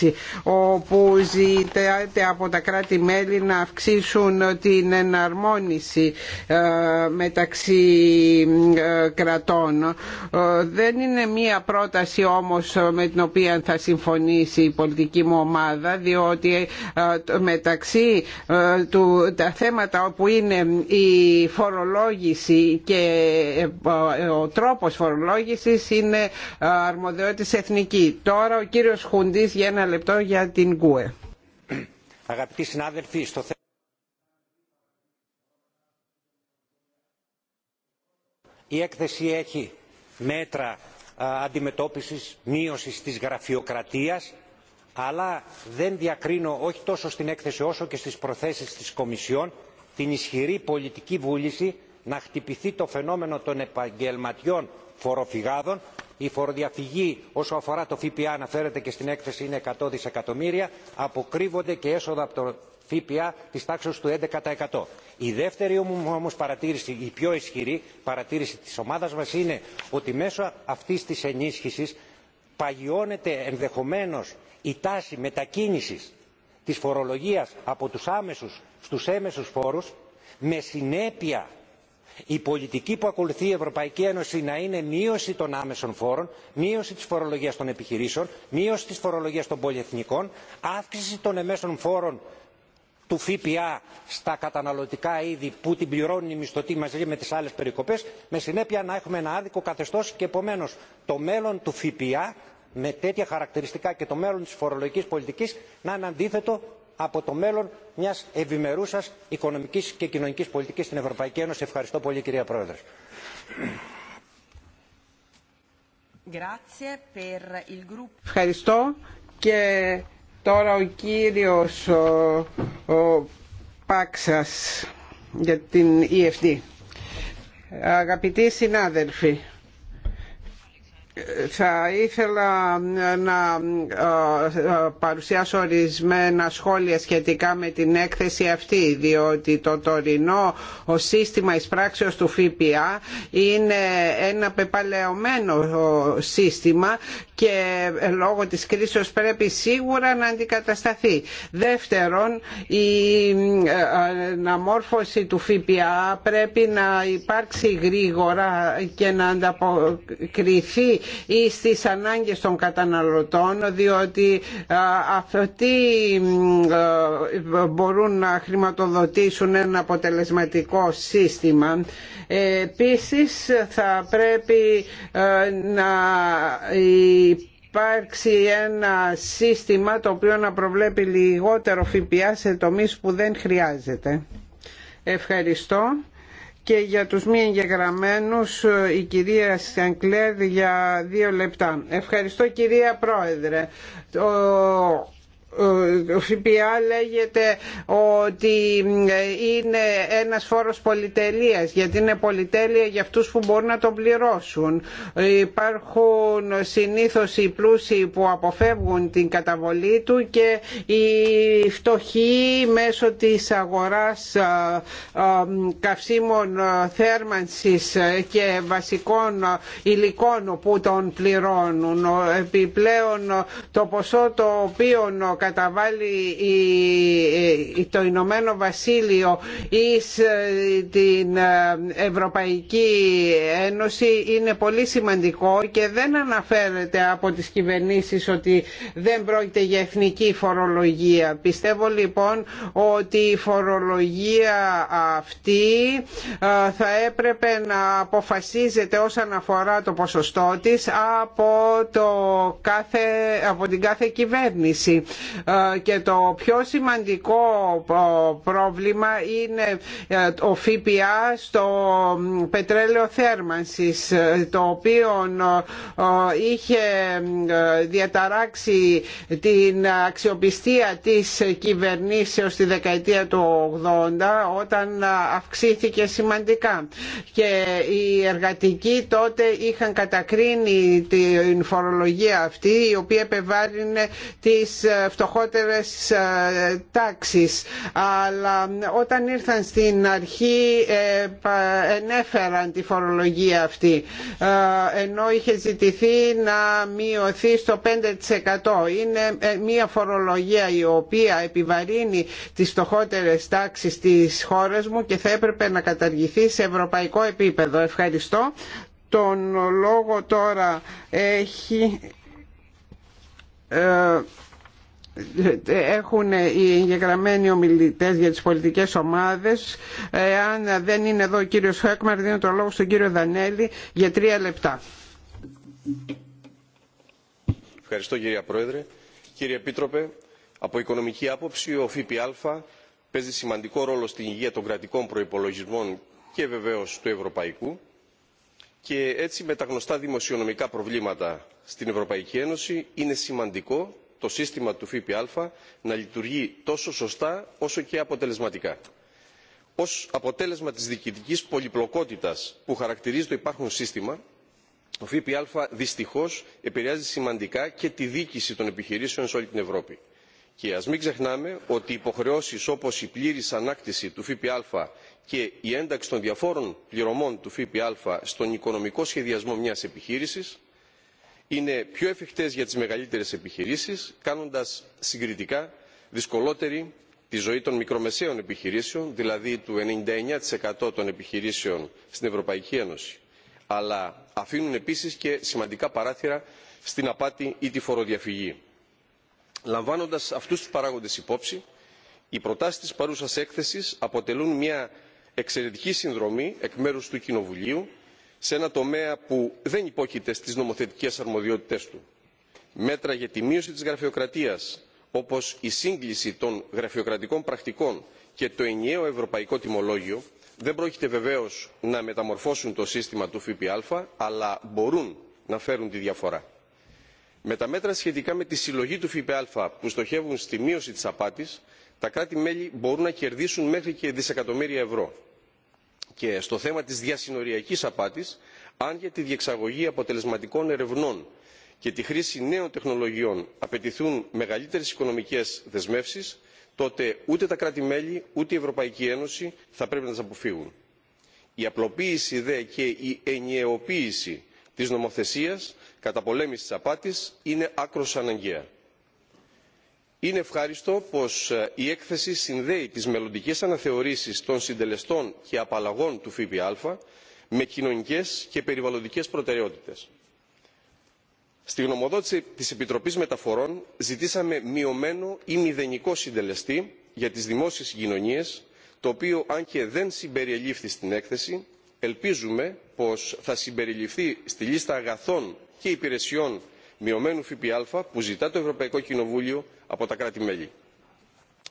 [SPEAKER 3] 46 όπου ζητάται από τα κράτη-μέλη να αυξήσουν την εναρμόνιση μεταξύ ε, κρατών. Ε, δεν είναι μία πρόταση όμως με την οποία θα συμφωνήσει η πολιτική μου ομάδα διότι ε, μεταξύ του, τα θέματα όπου είναι η φορολόγηση και ο τρόπος φορολόγησης είναι αρμοδιότητα εθνική. Τώρα ο κύριος Χουντής για ένα λεπτό για την ΚΟΕ.
[SPEAKER 1] Αγαπητοί συνάδελφοι, η έκθεση έχει μέτρα αντιμετώπισης μείωσης της γραφειοκρατίας αλλά δεν διακρίνω όχι τόσο στην έκθεση όσο και στις προθέσεις της κομισιόν την ισχυρή πολιτική βούληση να χτυπηθεί το φαινόμενο των επαγγελματιών φοροφυγάδων η φοροδιαφυγή όσο αφορά το ΦΠΑ αναφέρεται και στην έκθεση είναι 100 δισεκατομμύρια αποκρύβονται και έσοδα από το ΦΠΑ της τάξη του 11%. Η δεύτερη όμως παρατήρηση, η πιο ισχυρή παρατήρηση της ομάδας μας είναι ότι μέσω αυτής της ενίσχυσης παγιώνεται ενδεχομένως η τάση μετακίνησης της φορολογίας από τους άμεσους στους έμεσους φόρους με συνέπεια η πολιτική που ακολουθεί η ευρωπαϊκή ένωση να είναι μείωση των άμεσων φόρων μείωση της φορολογίας των επιχειρήσεων μείωση της φορολογίας των πολυεθνικών αύξηση των εμέσων φόρων του ΦΠΑ στα καταναλωτικά είδη που την πληρώνουν οι μισθωτοί μαζί με τις άλλες περικοπές με συνέπεια να έχουμε ένα άδικο καθεστώς και επομένως το μέλλον του ΦΠΑ με τέτοια χαρακτηριστικά και το μέλλον της φορολογικής πολιτικής να είναι αντίθετο από το μέλλον μιας ευημερούσας οικονομικής και κοινωνικής πολιτικής στην Ευρωπαϊκή Ένωση. Ευχαριστώ πολύ κυρία Πρόεδρε.
[SPEAKER 3] Τώρα ο κύριος ο, Πάξας για την EFD. Αγαπητοί συνάδελφοι, θα ήθελα να ε, ε, παρουσιάσω ορισμένα σχόλια σχετικά με την έκθεση αυτή διότι το τωρινό ο σύστημα εισπράξεως του ΦΠΑ είναι ένα πεπαλαιωμένο ε, σύστημα και λόγω της κρίσης πρέπει σίγουρα να αντικατασταθεί. Δεύτερον, η αναμόρφωση του ΦΠΑ πρέπει να υπάρξει γρήγορα και να ανταποκριθεί ή στις ανάγκες των καταναλωτών διότι αυτοί μπορούν να χρηματοδοτήσουν ένα αποτελεσματικό σύστημα. Επίσης θα πρέπει να υπάρξει ένα σύστημα το οποίο να προβλέπει λιγότερο ΦΠΑ σε τομείς που δεν χρειάζεται. Ευχαριστώ και για τους μη εγγεγραμμένους ε, η κυρία Σιανκλέρ για δύο λεπτά. Ευχαριστώ κυρία Πρόεδρε. ΦΠΑ λέγεται ότι είναι ένας φόρος πολυτελείας γιατί είναι πολυτέλεια για αυτούς που μπορούν να τον πληρώσουν. Υπάρχουν συνήθως οι πλούσιοι που αποφεύγουν την καταβολή του και οι φτωχοί μέσω της αγοράς ε, ε, καυσίμων ε, θέρμανσης και βασικών υλικών που τον πληρώνουν. Επιπλέον το ποσό το οποίο καταβάλει το Ηνωμένο Βασίλειο ή ε, την ε, Ευρωπαϊκή Ένωση είναι πολύ σημαντικό και δεν αναφέρεται από τις κυβερνήσεις ότι δεν πρόκειται για εθνική φορολογία. Πιστεύω λοιπόν ότι η φορολογία αυτή ε, θα έπρεπε να αποφασίζεται όσον αφορά το ποσοστό της από, το κάθε, από την κάθε κυβέρνηση και το πιο σημαντικό πρόβλημα είναι ο ΦΠΑ στο πετρέλαιο θέρμανσης ε, το οποίο είχε ε, διαταράξει την αξιοπιστία της κυβερνήσεως στη δεκαετία του 80 όταν αυξήθηκε σημαντικά και οι εργατικοί τότε είχαν κατακρίνει την φορολογία αυτή η οποία επεβάρυνε τις ε, φτωχότερες ε, τάξεις αλλά όταν ήρθαν στην αρχή ε, ενέφεραν τη φορολογία αυτή ε, ενώ είχε ζητηθεί να μειωθεί στο 5%. Είναι μια φορολογία η οποία επιβαρύνει τις φτωχότερες τάξεις της χώρας μου και θα έπρεπε να καταργηθεί σε ευρωπαϊκό επίπεδο. Ευχαριστώ. Τον λόγο τώρα έχει έχουν οι εγγεγραμμένοι ομιλητέ για τις πολιτικές ομάδες. Αν δεν είναι εδώ ο κύριος Χέκμαρ, δίνω το λόγο στον κύριο Δανέλη για τρία λεπτά.
[SPEAKER 6] Ευχαριστώ κύριε Πρόεδρε. Κύριε Επίτροπε, από οικονομική άποψη ο ΦΠΑ παίζει σημαντικό ρόλο στην υγεία των κρατικών προϋπολογισμών και βεβαίως του ευρωπαϊκού και έτσι με τα γνωστά δημοσιονομικά προβλήματα στην Ευρωπαϊκή Ένωση είναι σημαντικό το σύστημα του ΦΠΑ να λειτουργεί τόσο σωστά όσο και αποτελεσματικά. Ως αποτέλεσμα της διοικητικής πολυπλοκότητας που χαρακτηρίζει το υπάρχον σύστημα, το ΦΠΑ δυστυχώς επηρεάζει σημαντικά και τη διοίκηση των επιχειρήσεων σε όλη την Ευρώπη. Και ας μην ξεχνάμε ότι υποχρεώσεις όπως η πλήρης ανάκτηση του ΦΠΑ και η ένταξη των διαφόρων πληρωμών του ΦΠΑ στον οικονομικό σχεδιασμό μιας επιχείρησης είναι πιο εφικτές για τις μεγαλύτερες επιχειρήσεις, κάνοντας συγκριτικά δυσκολότερη τη ζωή των μικρομεσαίων επιχειρήσεων, δηλαδή του 99% των επιχειρήσεων στην Ευρωπαϊκή Ένωση. Αλλά αφήνουν επίσης και σημαντικά παράθυρα στην απάτη ή τη φοροδιαφυγή. Λαμβάνοντας αυτούς τους παράγοντες υπόψη, οι προτάσεις της παρούσας έκθεσης αποτελούν μια εξαιρετική συνδρομή εκ μέρους του Κοινοβουλίου σε ένα τομέα που δεν υπόκειται στις νομοθετικές αρμοδιότητές του. Μέτρα για τη μείωση της γραφειοκρατίας, όπως η σύγκληση των γραφειοκρατικών πρακτικών και το ενιαίο ευρωπαϊκό τιμολόγιο, δεν πρόκειται βεβαίως να μεταμορφώσουν το σύστημα του ΦΠΑ, αλλά μπορούν να φέρουν τη διαφορά. Με τα μέτρα σχετικά με τη συλλογή του ΦΠΑ που στοχεύουν στη μείωση της απάτης, τα κράτη-μέλη μπορούν να κερδίσουν μέχρι και δισεκατομμύρια ευρώ και στο θέμα της διασυνοριακής απάτης αν για τη διεξαγωγή αποτελεσματικών ερευνών και τη χρήση νέων τεχνολογιών απαιτηθούν μεγαλύτερες οικονομικές δεσμεύσεις τότε ούτε τα κράτη μέλη ούτε η ευρωπαϊκή ένωση θα πρέπει να τις αποφύγουν. η απλοποίηση δε και η ενιαιοποίηση της νομοθεσίας κατά πολέμηση της απάτης είναι άκρως αναγκαία είναι ευχάριστο πως ε, η έκθεση συνδέει τις μελλοντικές αναθεωρήσεις των συντελεστών και απαλλαγών του ΦΠΑ με κοινωνικές και περιβαλλοντικές προτεραιότητες. Στη γνωμοδότηση της Επιτροπής Μεταφορών ζητήσαμε μειωμένο ή μηδενικό συντελεστή για τις δημόσιες συγκοινωνίες, το οποίο αν και δεν συμπεριελήφθη στην έκθεση, ελπίζουμε πως θα συμπεριληφθεί στη λίστα αγαθών και υπηρεσιών μειωμένου ΦΠΑ που ζητά το Ευρωπαϊκό Κοινοβούλιο από τα κράτη-μέλη.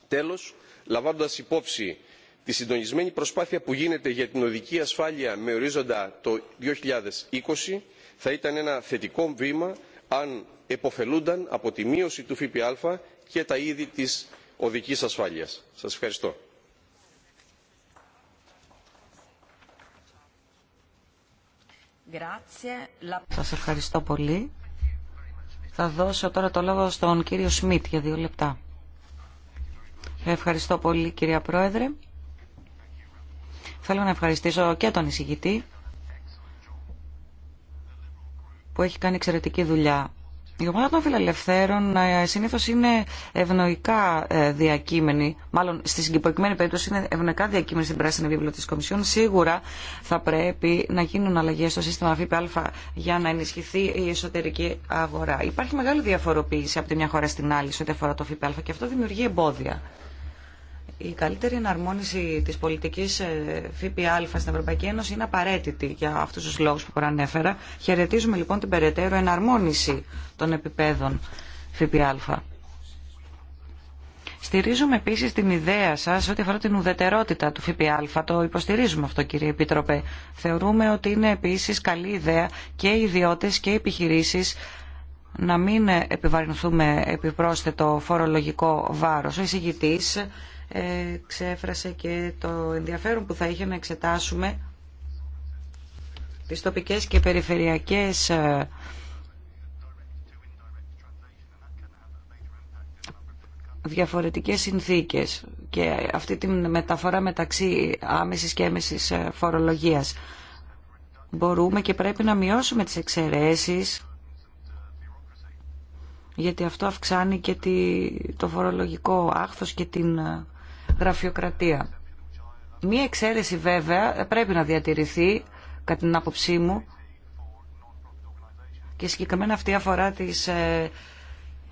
[SPEAKER 6] Τέλος, λαμβάνοντας υπόψη τη συντονισμένη προσπάθεια που γίνεται για την οδική ασφάλεια με ορίζοντα το 2020, θα ήταν ένα θετικό βήμα αν εποφελούνταν από τη μείωση του ΦΠΑ και τα είδη της οδικής ασφάλειας. Σας ευχαριστώ.
[SPEAKER 5] Σας ευχαριστώ πολύ. Θα δώσω τώρα το λόγο στον κύριο Σμιτ για δύο λεπτά. Ευχαριστώ πολύ κυρία Πρόεδρε. Θέλω να ευχαριστήσω και τον εισηγητή που έχει κάνει εξαιρετική δουλειά η ομάδα των φιλελευθέρων ε, συνήθω είναι ευνοϊκά ε, διακείμενη, μάλλον στη συγκεκριμένη περίπτωση είναι ευνοϊκά διακείμενη στην πράσινη βίβλο τη Κομισιόν. Σίγουρα θα πρέπει να γίνουν αλλαγέ στο σύστημα ΦΠΑ για να ενισχυθεί η εσωτερική αγορά. Υπάρχει μεγάλη διαφοροποίηση από τη μια χώρα στην άλλη σε ό,τι αφορά το ΦΠΑ και αυτό δημιουργεί εμπόδια. Η καλύτερη εναρμόνιση τη πολιτική ε, ΦΠΑ στην Ευρωπαϊκή Ένωση είναι απαραίτητη για αυτού του λόγου που προανέφερα. Χαιρετίζουμε λοιπόν την περαιτέρω εναρμόνιση των επιπέδων ΦΠΑ. Στηρίζουμε επίση την ιδέα σα ό,τι αφορά την ουδετερότητα του ΦΠΑ. Το υποστηρίζουμε αυτό κύριε Επίτροπε. Θεωρούμε ότι είναι επίση καλή ιδέα και οι ιδιώτες και οι επιχειρήσεις να μην επιβαρυνθούμε επιπρόσθετο φορολογικό βάρος. Ο εισηγητής ξέφρασε και το ενδιαφέρον που θα είχε να εξετάσουμε τις τοπικές και περιφερειακές ε, διαφορετικές συνθήκες και αυτή τη μεταφορά μεταξύ άμεσης και έμεσης ε, φορολογίας. Μπορούμε και πρέπει να μειώσουμε τις εξαιρέσεις γιατί αυτό αυξάνει και το φορολογικό άχθος και την ε, γραφειοκρατία. Μία εξαίρεση βέβαια πρέπει να διατηρηθεί, κατά την άποψή μου, και συγκεκριμένα αυτή αφορά τις ε,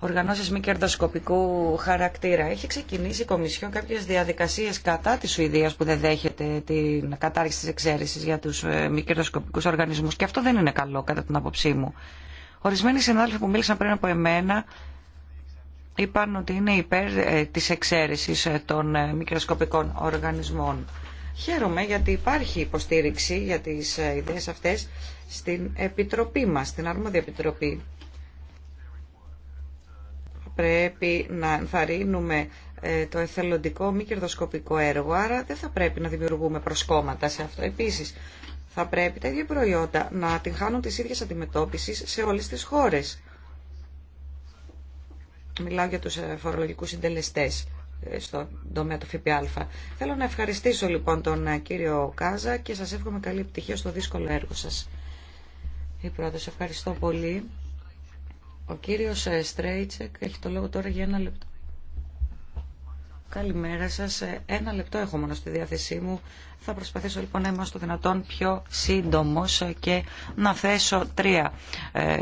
[SPEAKER 5] οργανώσεις μη κερδοσκοπικού χαρακτήρα. Έχει ξεκινήσει η Κομισιόν κάποιες διαδικασίες κατά της Σουηδίας που δεν δέχεται την κατάργηση της εξαίρεσης για τους ε, μη κερδοσκοπικούς οργανισμούς και αυτό δεν είναι καλό κατά την άποψή μου. Ορισμένοι συνάδελφοι που μίλησαν πριν από εμένα είπαν ότι είναι υπέρ ε, της εξαίρεσης ε, των ε, μικροσκοπικών οργανισμών. Χαίρομαι γιατί υπάρχει υποστήριξη για τις ιδέες αυτές στην Επιτροπή μας, στην Αρμόδια Επιτροπή. Πρέπει να ενθαρρύνουμε το εθελοντικό μη κερδοσκοπικό έργο, άρα δεν θα πρέπει να δημιουργούμε προσκόμματα σε αυτό. Επίσης, θα πρέπει τα ίδια προϊόντα να την χάνουν τις ίδιες αντιμετώπισης σε όλες τις χώρες. Μιλάω για τους ε, φορολογικούς συντελεστές ε, στον τομέα του ΦΠΑ. Θέλω να ευχαριστήσω λοιπόν τον ε, κύριο Κάζα και σας εύχομαι καλή επιτυχία στο δύσκολο έργο σας. Η σας ευχαριστώ πολύ. Ο κύριος Στρέιτσεκ έχει το λόγο τώρα για ένα λεπτό. Καλημέρα σας. Ένα λεπτό έχω μόνο στη διάθεσή μου. Θα προσπαθήσω λοιπόν να είμαι στο δυνατόν πιο σύντομος και να θέσω τρία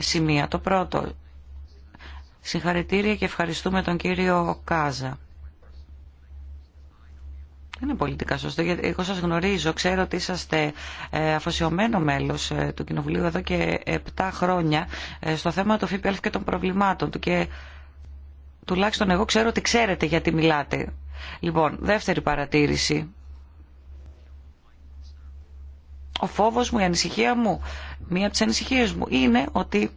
[SPEAKER 5] σημεία. Το πρώτο, Συγχαρητήρια και ευχαριστούμε τον κύριο Κάζα. Δεν είναι πολιτικά σωστό, γιατί εγώ σας γνωρίζω, ξέρω ότι είσαστε ε, αφοσιωμένο μέλος ε, του Κοινοβουλίου εδώ και 7 χρόνια ε, στο θέμα του ΦΠΑ και των προβλημάτων του και τουλάχιστον εγώ ξέρω ότι ξέρετε γιατί μιλάτε. Λοιπόν, δεύτερη παρατήρηση. Ο φόβος μου, η ανησυχία μου, μία από τις ανησυχίες μου είναι ότι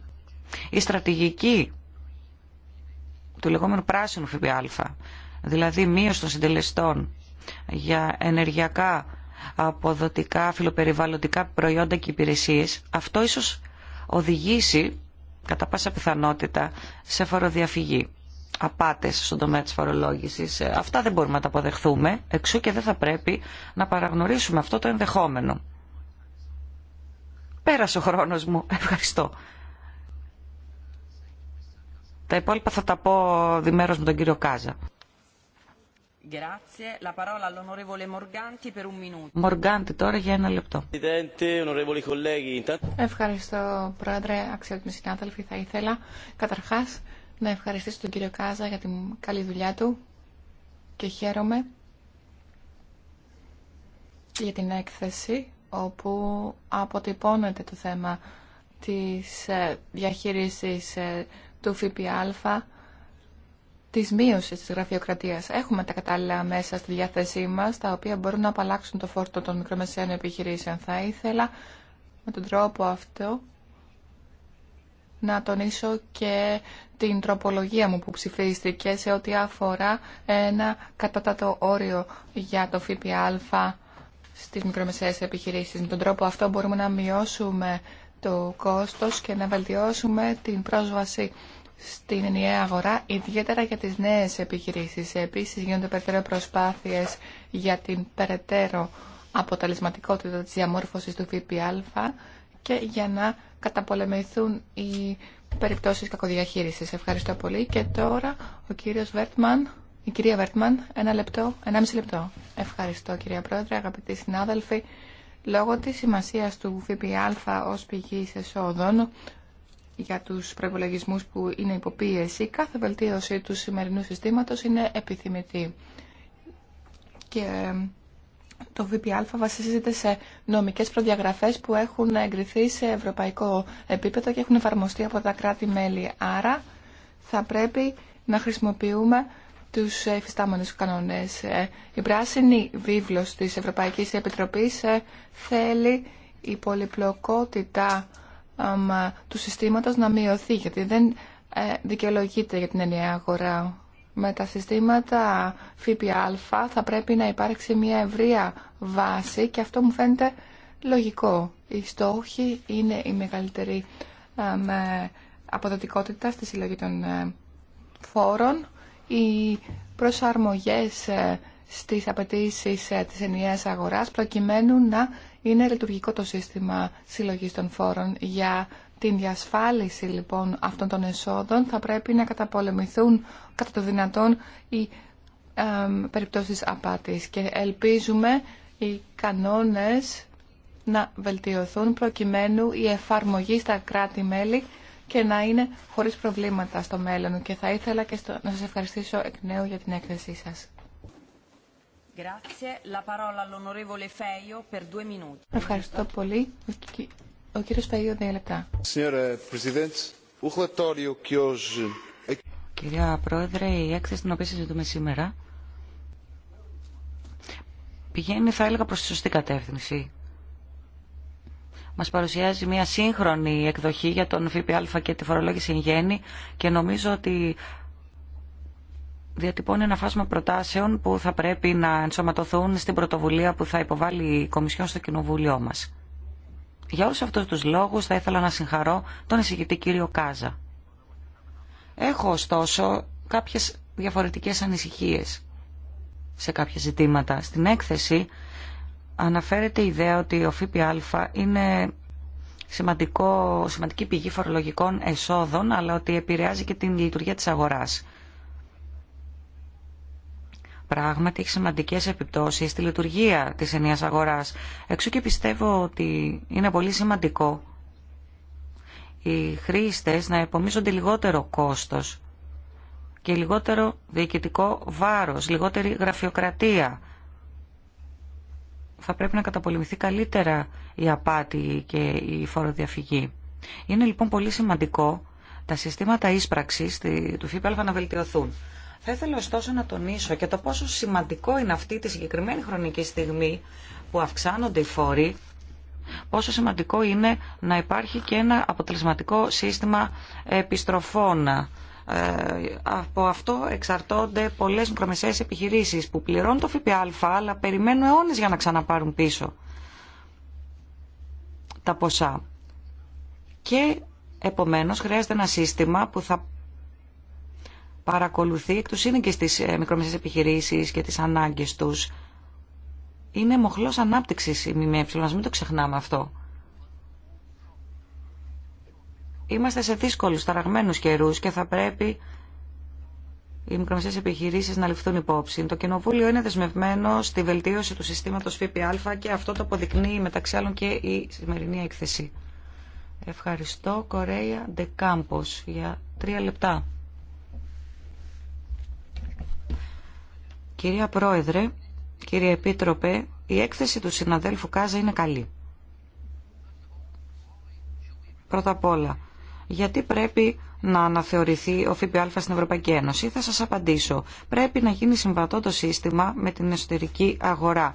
[SPEAKER 5] η στρατηγική του λεγόμενου πράσινου ΦΠΑ, δηλαδή μείωση των συντελεστών για ενεργειακά αποδοτικά φιλοπεριβαλλοντικά προϊόντα και υπηρεσίες, αυτό ίσως οδηγήσει κατά πάσα πιθανότητα σε φοροδιαφυγή απάτες στον τομέα της φορολόγηση. Ε, αυτά δεν μπορούμε να τα αποδεχθούμε, εξού και δεν θα πρέπει να παραγνωρίσουμε αυτό το ενδεχόμενο. Πέρασε ο χρόνο μου. Ευχαριστώ. Τα υπόλοιπα θα τα πω διμέρως με τον κύριο Κάζα. Μοργάντη τώρα για ένα λεπτό.
[SPEAKER 6] Ευχαριστώ
[SPEAKER 4] πρόεδρε, αξιότιμοι συνάδελφοι. Θα ήθελα καταρχάς να ευχαριστήσω τον κύριο Κάζα για την καλή δουλειά του και χαίρομαι για την έκθεση όπου αποτυπώνεται το θέμα της ε, διαχείρισης ε, του ΦΠΑ τη μείωση τη γραφειοκρατίας. Έχουμε τα κατάλληλα μέσα στη διάθεσή μα, τα οποία μπορούν να απαλλάξουν το φόρτο των μικρομεσαίων επιχειρήσεων. Θα ήθελα με τον τρόπο αυτό να τονίσω και την τροπολογία μου που ψηφίστηκε σε ό,τι αφορά ένα κατάτατο όριο για το ΦΠΑ στις μικρομεσαίες επιχειρήσεις. Με τον τρόπο αυτό μπορούμε να μειώσουμε το κόστος και να βελτιώσουμε την πρόσβαση στην ενιαία αγορά, ιδιαίτερα για τις νέες επιχειρήσεις. Επίσης γίνονται περαιτέρω προσπάθειες για την περαιτέρω αποτελεσματικότητα της διαμόρφωσης του ΦΠΑ και για να καταπολεμηθούν οι περιπτώσεις κακοδιαχείρισης. Ευχαριστώ πολύ. Και τώρα ο κύριος Βέρτμαν, η κυρία Βέρτμαν, ένα λεπτό, ένα μισή λεπτό. Ευχαριστώ κυρία Πρόεδρε, αγαπητοί συνάδελφοι. Λόγω της σημασίας του ΦΠΑ ως πηγή εσόδων, για τους προϋπολογισμούς που είναι υποπίεση, κάθε βελτίωση του σημερινού συστήματος είναι επιθυμητή. Και ε, το ΒΠΑ βασίζεται σε νομικές προδιαγραφές που έχουν εγκριθεί σε ευρωπαϊκό επίπεδο και έχουν εφαρμοστεί από τα κράτη-μέλη. Άρα θα πρέπει να χρησιμοποιούμε τους εφιστάμενους κανόνες. Ε, η πράσινη βίβλος της Ευρωπαϊκής Επιτροπής ε, θέλει η πολυπλοκότητα του συστήματος να μειωθεί, γιατί δεν ε, δικαιολογείται για την ενιαία αγορά. Με τα συστήματα ΦΠΑ θα πρέπει να υπάρξει μια ευρεία βάση και αυτό μου φαίνεται λογικό. Οι στόχοι είναι η μεγαλύτερη ε, αποδοτικότητα στη συλλογή των ε, φόρων, οι προσαρμογές στις απαιτήσεις της ενιαίας αγοράς προκειμένου να είναι λειτουργικό το σύστημα συλλογής των φόρων για την διασφάλιση λοιπόν αυτών των εσόδων θα πρέπει να καταπολεμηθούν κατά το δυνατόν οι ε, περιπτώσεις απάτης και ελπίζουμε οι κανόνες να βελτιωθούν προκειμένου η εφαρμογή στα κράτη-μέλη και να είναι χωρίς προβλήματα στο μέλλον και θα ήθελα και να σας ευχαριστήσω εκ νέου για την έκθεσή σας. Ευχαριστώ πολύ. Ο κύριο Φαϊό, δύο λεπτά. Κυρία Πρόεδρε, η
[SPEAKER 5] έκθεση την οποία συζητούμε σήμερα πηγαίνει, θα έλεγα, προς τη σωστή κατεύθυνση. Μας παρουσιάζει μια σύγχρονη εκδοχή για τον ΦΠΑ και τη φορολόγηση εν γέννη και νομίζω ότι διατυπώνει ένα φάσμα προτάσεων που θα πρέπει να ενσωματωθούν στην πρωτοβουλία που θα υποβάλει η Κομισιόν στο Κοινοβούλιο μας. Για όλους αυτούς τους λόγους θα ήθελα να συγχαρώ τον εισηγητή κύριο Κάζα. Έχω ωστόσο κάποιες διαφορετικές ανησυχίες σε κάποια ζητήματα. Στην έκθεση αναφέρεται η ιδέα ότι ο ΦΠΑ είναι σημαντικό, σημαντική πηγή φορολογικών εσόδων, αλλά ότι επηρεάζει και την λειτουργία της αγοράς πράγματι έχει σημαντικές επιπτώσεις στη λειτουργία της ενίας αγοράς. Εξού και πιστεύω ότι είναι πολύ σημαντικό οι χρήστες να επομίζονται λιγότερο κόστος και λιγότερο διοικητικό βάρος, λιγότερη γραφειοκρατία. Θα πρέπει να καταπολεμηθεί καλύτερα η απάτη και η φοροδιαφυγή. Είναι λοιπόν πολύ σημαντικό τα συστήματα ίσπραξης του ΦΠΑ να βελτιωθούν. Θα ήθελα ωστόσο να τονίσω και το πόσο σημαντικό είναι αυτή τη συγκεκριμένη χρονική στιγμή που αυξάνονται οι φόροι, πόσο σημαντικό είναι να υπάρχει και ένα αποτελεσματικό σύστημα επιστροφών. Ε, από αυτό εξαρτώνται πολλές μικρομεσαίες επιχειρήσεις που πληρώνουν το ΦΠΑ αλλά περιμένουν αιώνες για να ξαναπάρουν πίσω τα ποσά. Και επομένως χρειάζεται ένα σύστημα που θα παρακολουθεί εκ του είναι και στις ε, μικρομεσαίες επιχειρήσεις και τις ανάγκες τους. Είναι μοχλός ανάπτυξης η ΜΜΕ, μας μην το ξεχνάμε αυτό. Είμαστε σε δύσκολους, ταραγμένους καιρούς και θα πρέπει οι μικρομεσαίες επιχειρήσεις να ληφθούν υπόψη. Το Κοινοβούλιο είναι δεσμευμένο στη βελτίωση του συστήματος ΦΠΑ και αυτό το αποδεικνύει μεταξύ άλλων και η σημερινή έκθεση. Ευχαριστώ, Κορέια Ντεκάμπος, για τρία λεπτά. Κυρία Πρόεδρε, κύριε Επίτροπε, η έκθεση του συναδέλφου Κάζα είναι καλή. Πρώτα απ' όλα, γιατί πρέπει να αναθεωρηθεί ο ΦΠΑ στην Ευρωπαϊκή Ένωση. Θα σας απαντήσω. Πρέπει να γίνει συμβατό το σύστημα με την εσωτερική αγορά.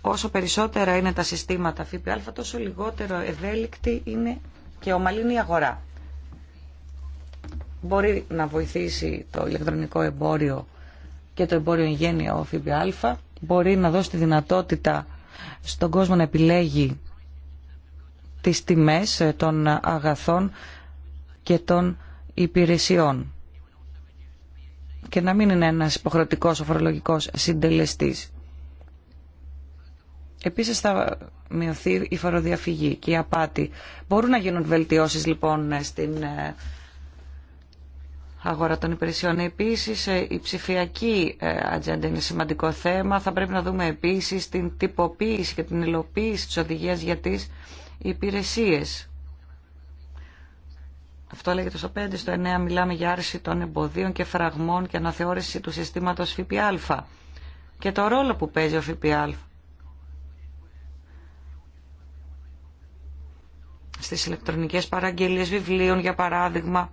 [SPEAKER 5] Όσο περισσότερα είναι τα συστήματα ΦΠΑ, τόσο λιγότερο ευέλικτη είναι και ομαλή η αγορά. Μπορεί να βοηθήσει το ηλεκτρονικό εμπόριο και το εμπόριο γένεια ο ΦΠΑ μπορεί να δώσει τη δυνατότητα στον κόσμο να επιλέγει τις τιμές των αγαθών και των υπηρεσιών και να μην είναι ένας υποχρεωτικός οφορολογικός συντελεστής. Επίσης θα μειωθεί η φοροδιαφυγή και η απάτη. Μπορούν να γίνουν βελτιώσεις λοιπόν στην ε, αγορά των υπηρεσιών. Επίσης, ε, η ψηφιακή ε, ατζέντα είναι σημαντικό θέμα. Θα πρέπει να δούμε επίσης την τυποποίηση και την υλοποίηση της οδηγίας για τις υπηρεσίες. Αυτό λέγεται στο 5, στο 9 μιλάμε για άρση των εμποδίων και φραγμών και αναθεώρηση του συστήματος ΦΠΑ και το ρόλο που παίζει ο ΦΠΑ. Στις ηλεκτρονικές παραγγελίες βιβλίων, για παράδειγμα,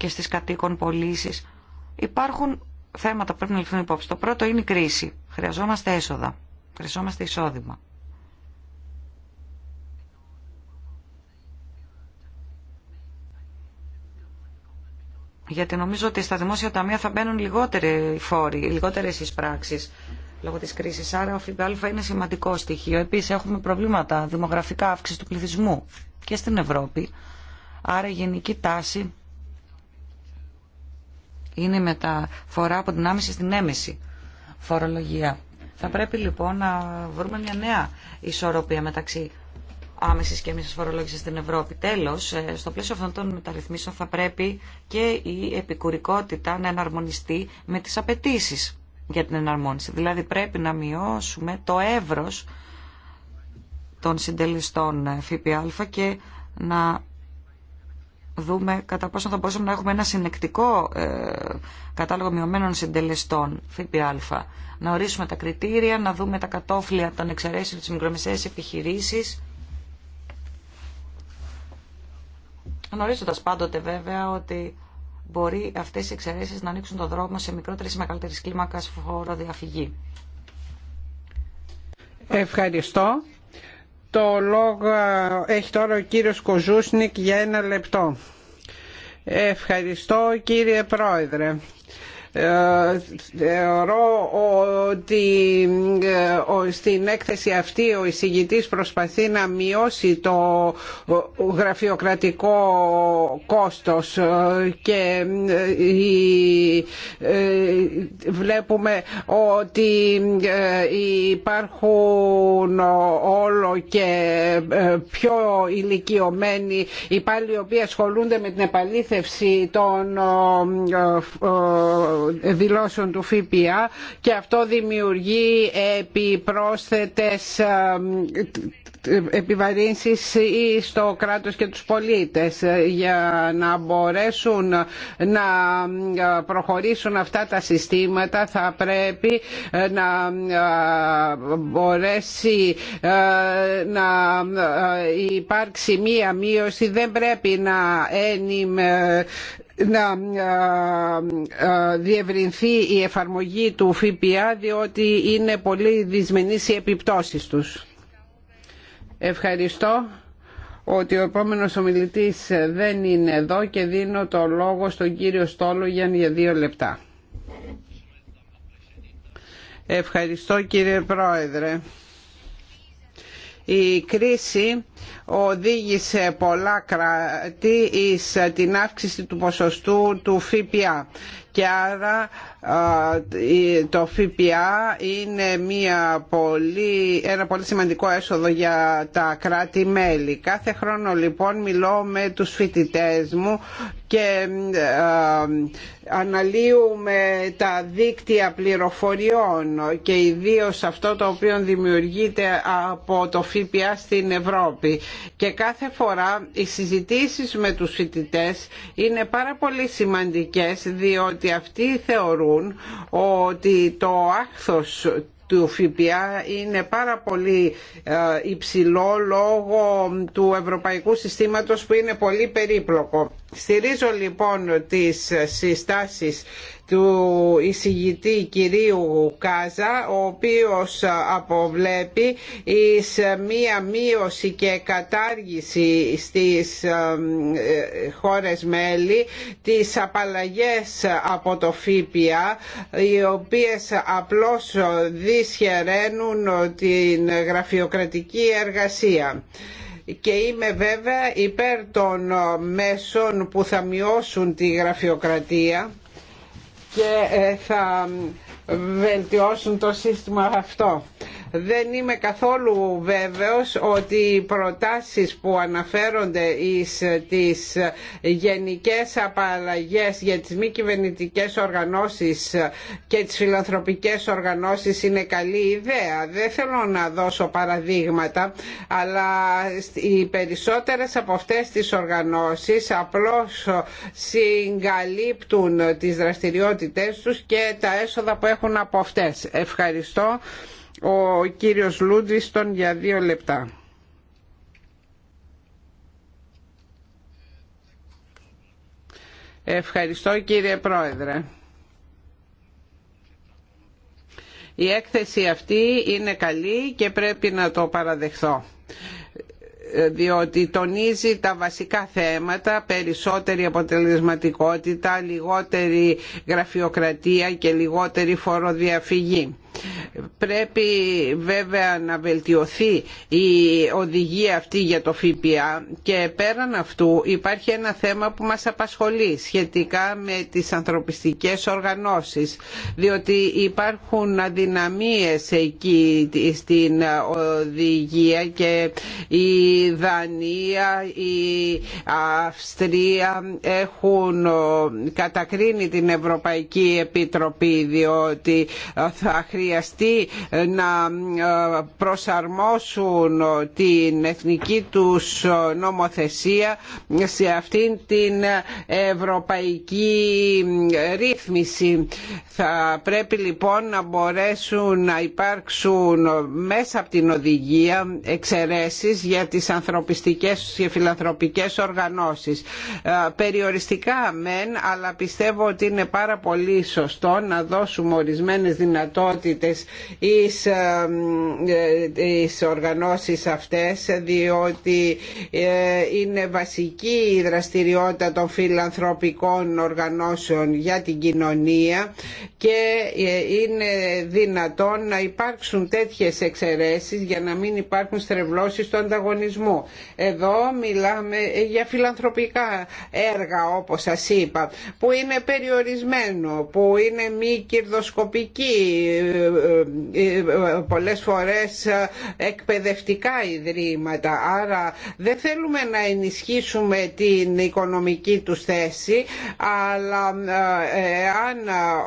[SPEAKER 5] και στις κατοίκων πωλήσει. Υπάρχουν θέματα που πρέπει να ληφθούν υπόψη. Το πρώτο είναι η κρίση. Χρειαζόμαστε έσοδα. Χρειαζόμαστε εισόδημα. γιατί νομίζω ότι στα δημόσια ταμεία θα μπαίνουν λιγότεροι φόροι, λιγότερες εισπράξεις λόγω της κρίσης. Άρα ο ΦΠΑ είναι σημαντικό στοιχείο. Επίσης έχουμε προβλήματα δημογραφικά αύξηση του πληθυσμού και στην Ευρώπη. Άρα η γενική τάση είναι η μεταφορά από την άμεση στην έμεση φορολογία. Θα πρέπει λοιπόν να βρούμε μια νέα ισορροπία μεταξύ άμεση και έμεση φορολόγηση στην Ευρώπη. Τέλο, ε, στο πλαίσιο αυτών των μεταρρυθμίσεων θα πρέπει και η επικουρικότητα να εναρμονιστεί με τι απαιτήσει για την εναρμόνιση. Δηλαδή πρέπει να μειώσουμε το εύρος των συντελεστών ε, ΦΠΑ και να δούμε κατά πόσο θα μπορούσαμε να έχουμε ένα συνεκτικό ε, κατάλογο μειωμένων συντελεστών ΦΠΑ. Να ορίσουμε τα κριτήρια, να δούμε τα κατόφλια των εξαιρέσεων της μικρομεσαίας επιχειρήσης. Γνωρίζοντα πάντοτε βέβαια ότι μπορεί αυτές οι εξαιρέσεις να ανοίξουν το δρόμο σε μικρότερη ή μεγαλύτερη κλίμακα φοροδιαφυγή.
[SPEAKER 3] Ευχαριστώ. Το λόγο έχει τώρα ο κύριος Κοζούσνικ για ένα λεπτό. Ευχαριστώ κύριε Πρόεδρε θεωρώ ότι ε, στην έκθεση αυτή ο εισηγητής προσπαθεί να μειώσει το γραφειοκρατικό κόστος ε, και ε, βλέπουμε ότι υπάρχουν όλο και πιο ηλικιωμένοι υπάλληλοι οι οποίοι ασχολούνται με την επαλήθευση των δηλώσεων του ΦΠΑ και αυτό δημιουργεί επιπρόσθετες επιβαρύνσεις ή στο κράτος και τους πολίτες για να μπορέσουν να ε, προχωρήσουν αυτά τα συστήματα θα πρέπει ε, να ε, μπορέσει να υπάρξει μία μείωση δεν πρέπει να ένιμε να διευρυνθεί η εφαρμογή του ΦΠΑ διότι είναι πολύ δυσμενείς οι επιπτώσεις τους. Ευχαριστώ ότι ο επόμενος ομιλητής δεν είναι εδώ και δίνω το λόγο στον κύριο Στόλογιαν για δύο λεπτά. Ευχαριστώ κύριε Πρόεδρε. Η κρίση οδήγησε πολλά κράτη εις την αύξηση του ποσοστού του ΦΠΑ και άρα το ΦΠΑ είναι μια πολύ, ένα πολύ σημαντικό έσοδο για τα κράτη-μέλη. Κάθε χρόνο λοιπόν μιλώ με τους φοιτητές μου και αναλύουμε τα δίκτυα πληροφοριών και ιδίως αυτό το οποίο δημιουργείται από το ΦΠΑ στην Ευρώπη. Και κάθε φορά οι συζητήσεις με τους φοιτητές είναι πάρα πολύ σημαντικές διότι ότι αυτοί θεωρούν ότι το άχθος του ΦΠΑ είναι πάρα πολύ ε, υψηλό λόγω του ευρωπαϊκού συστήματος που είναι πολύ περίπλοκο Στηρίζω λοιπόν τις συστάσεις του εισηγητή κυρίου Κάζα ο οποίος αποβλέπει εις μία μείωση και κατάργηση στις ε, ε, χώρες μέλη τις απαλλαγές από το ΦΥΠΙΑ οι οποίες απλώς δυσχεραίνουν την γραφειοκρατική εργασία και είμαι βέβαια υπέρ των ε, μέσων που θα μειώσουν τη γραφειοκρατία και ε, θα βελτιώσουν το σύστημα αυτό. Δεν είμαι καθόλου βέβαιος ότι οι προτάσεις που αναφέρονται εις τις γενικές απαλλαγές για τις μη κυβερνητικέ οργανώσεις και τις φιλανθρωπικές οργανώσεις είναι καλή ιδέα. Δεν θέλω να δώσω παραδείγματα, αλλά οι περισσότερες από αυτές τις οργανώσεις απλώς συγκαλύπτουν τις δραστηριότητες τους και τα έσοδα που έχουν από αυτές. Ευχαριστώ ο κύριος Λούντιστον για δύο λεπτά. Ευχαριστώ κύριε Πρόεδρε. Η έκθεση αυτή είναι καλή και πρέπει να το παραδεχθώ διότι τονίζει τα βασικά θέματα, περισσότερη αποτελεσματικότητα, λιγότερη γραφειοκρατία και λιγότερη φοροδιαφυγή Πρέπει βέβαια να βελτιωθεί η οδηγία αυτή για το ΦΠΑ και πέραν αυτού υπάρχει ένα θέμα που μας απασχολεί σχετικά με τις ανθρωπιστικές οργανώσεις διότι υπάρχουν αδυναμίες εκεί στην οδηγία και η Δανία, η Αυστρία έχουν κατακρίνει την Ευρωπαϊκή Επιτροπή διότι θα ε, να ε, προσαρμόσουν ε, την εθνική τους νομοθεσία σε αυτήν την ευρωπαϊκή ρύθμιση. Θα πρέπει λοιπόν να μπορέσουν να υπάρξουν μέσα από την οδηγία εξαιρέσεις για τις ανθρωπιστικές και φιλανθρωπικές οργανώσεις. Περιοριστικά μεν, αλλά πιστεύω ότι είναι πάρα πολύ σωστό να δώσουμε ορισμένες δυνατότητες αρμοδιότητες εις, ε, ε, εις οργανώσεις αυτές διότι ε, είναι βασική η δραστηριότητα των φιλανθρωπικών οργανώσεων για την κοινωνία και είναι δυνατόν να υπάρξουν τέτοιες εξαιρέσεις για να μην υπάρχουν στρεβλώσεις του ανταγωνισμού. Εδώ μιλάμε για φιλανθρωπικά έργα όπως σας είπα που είναι περιορισμένο, που είναι μη κερδοσκοπική, ε, ε, πολλές φορές ε, εκπαιδευτικά ιδρύματα. Άρα δεν θέλουμε να ενισχύσουμε την οικονομική του θέση, αλλά αν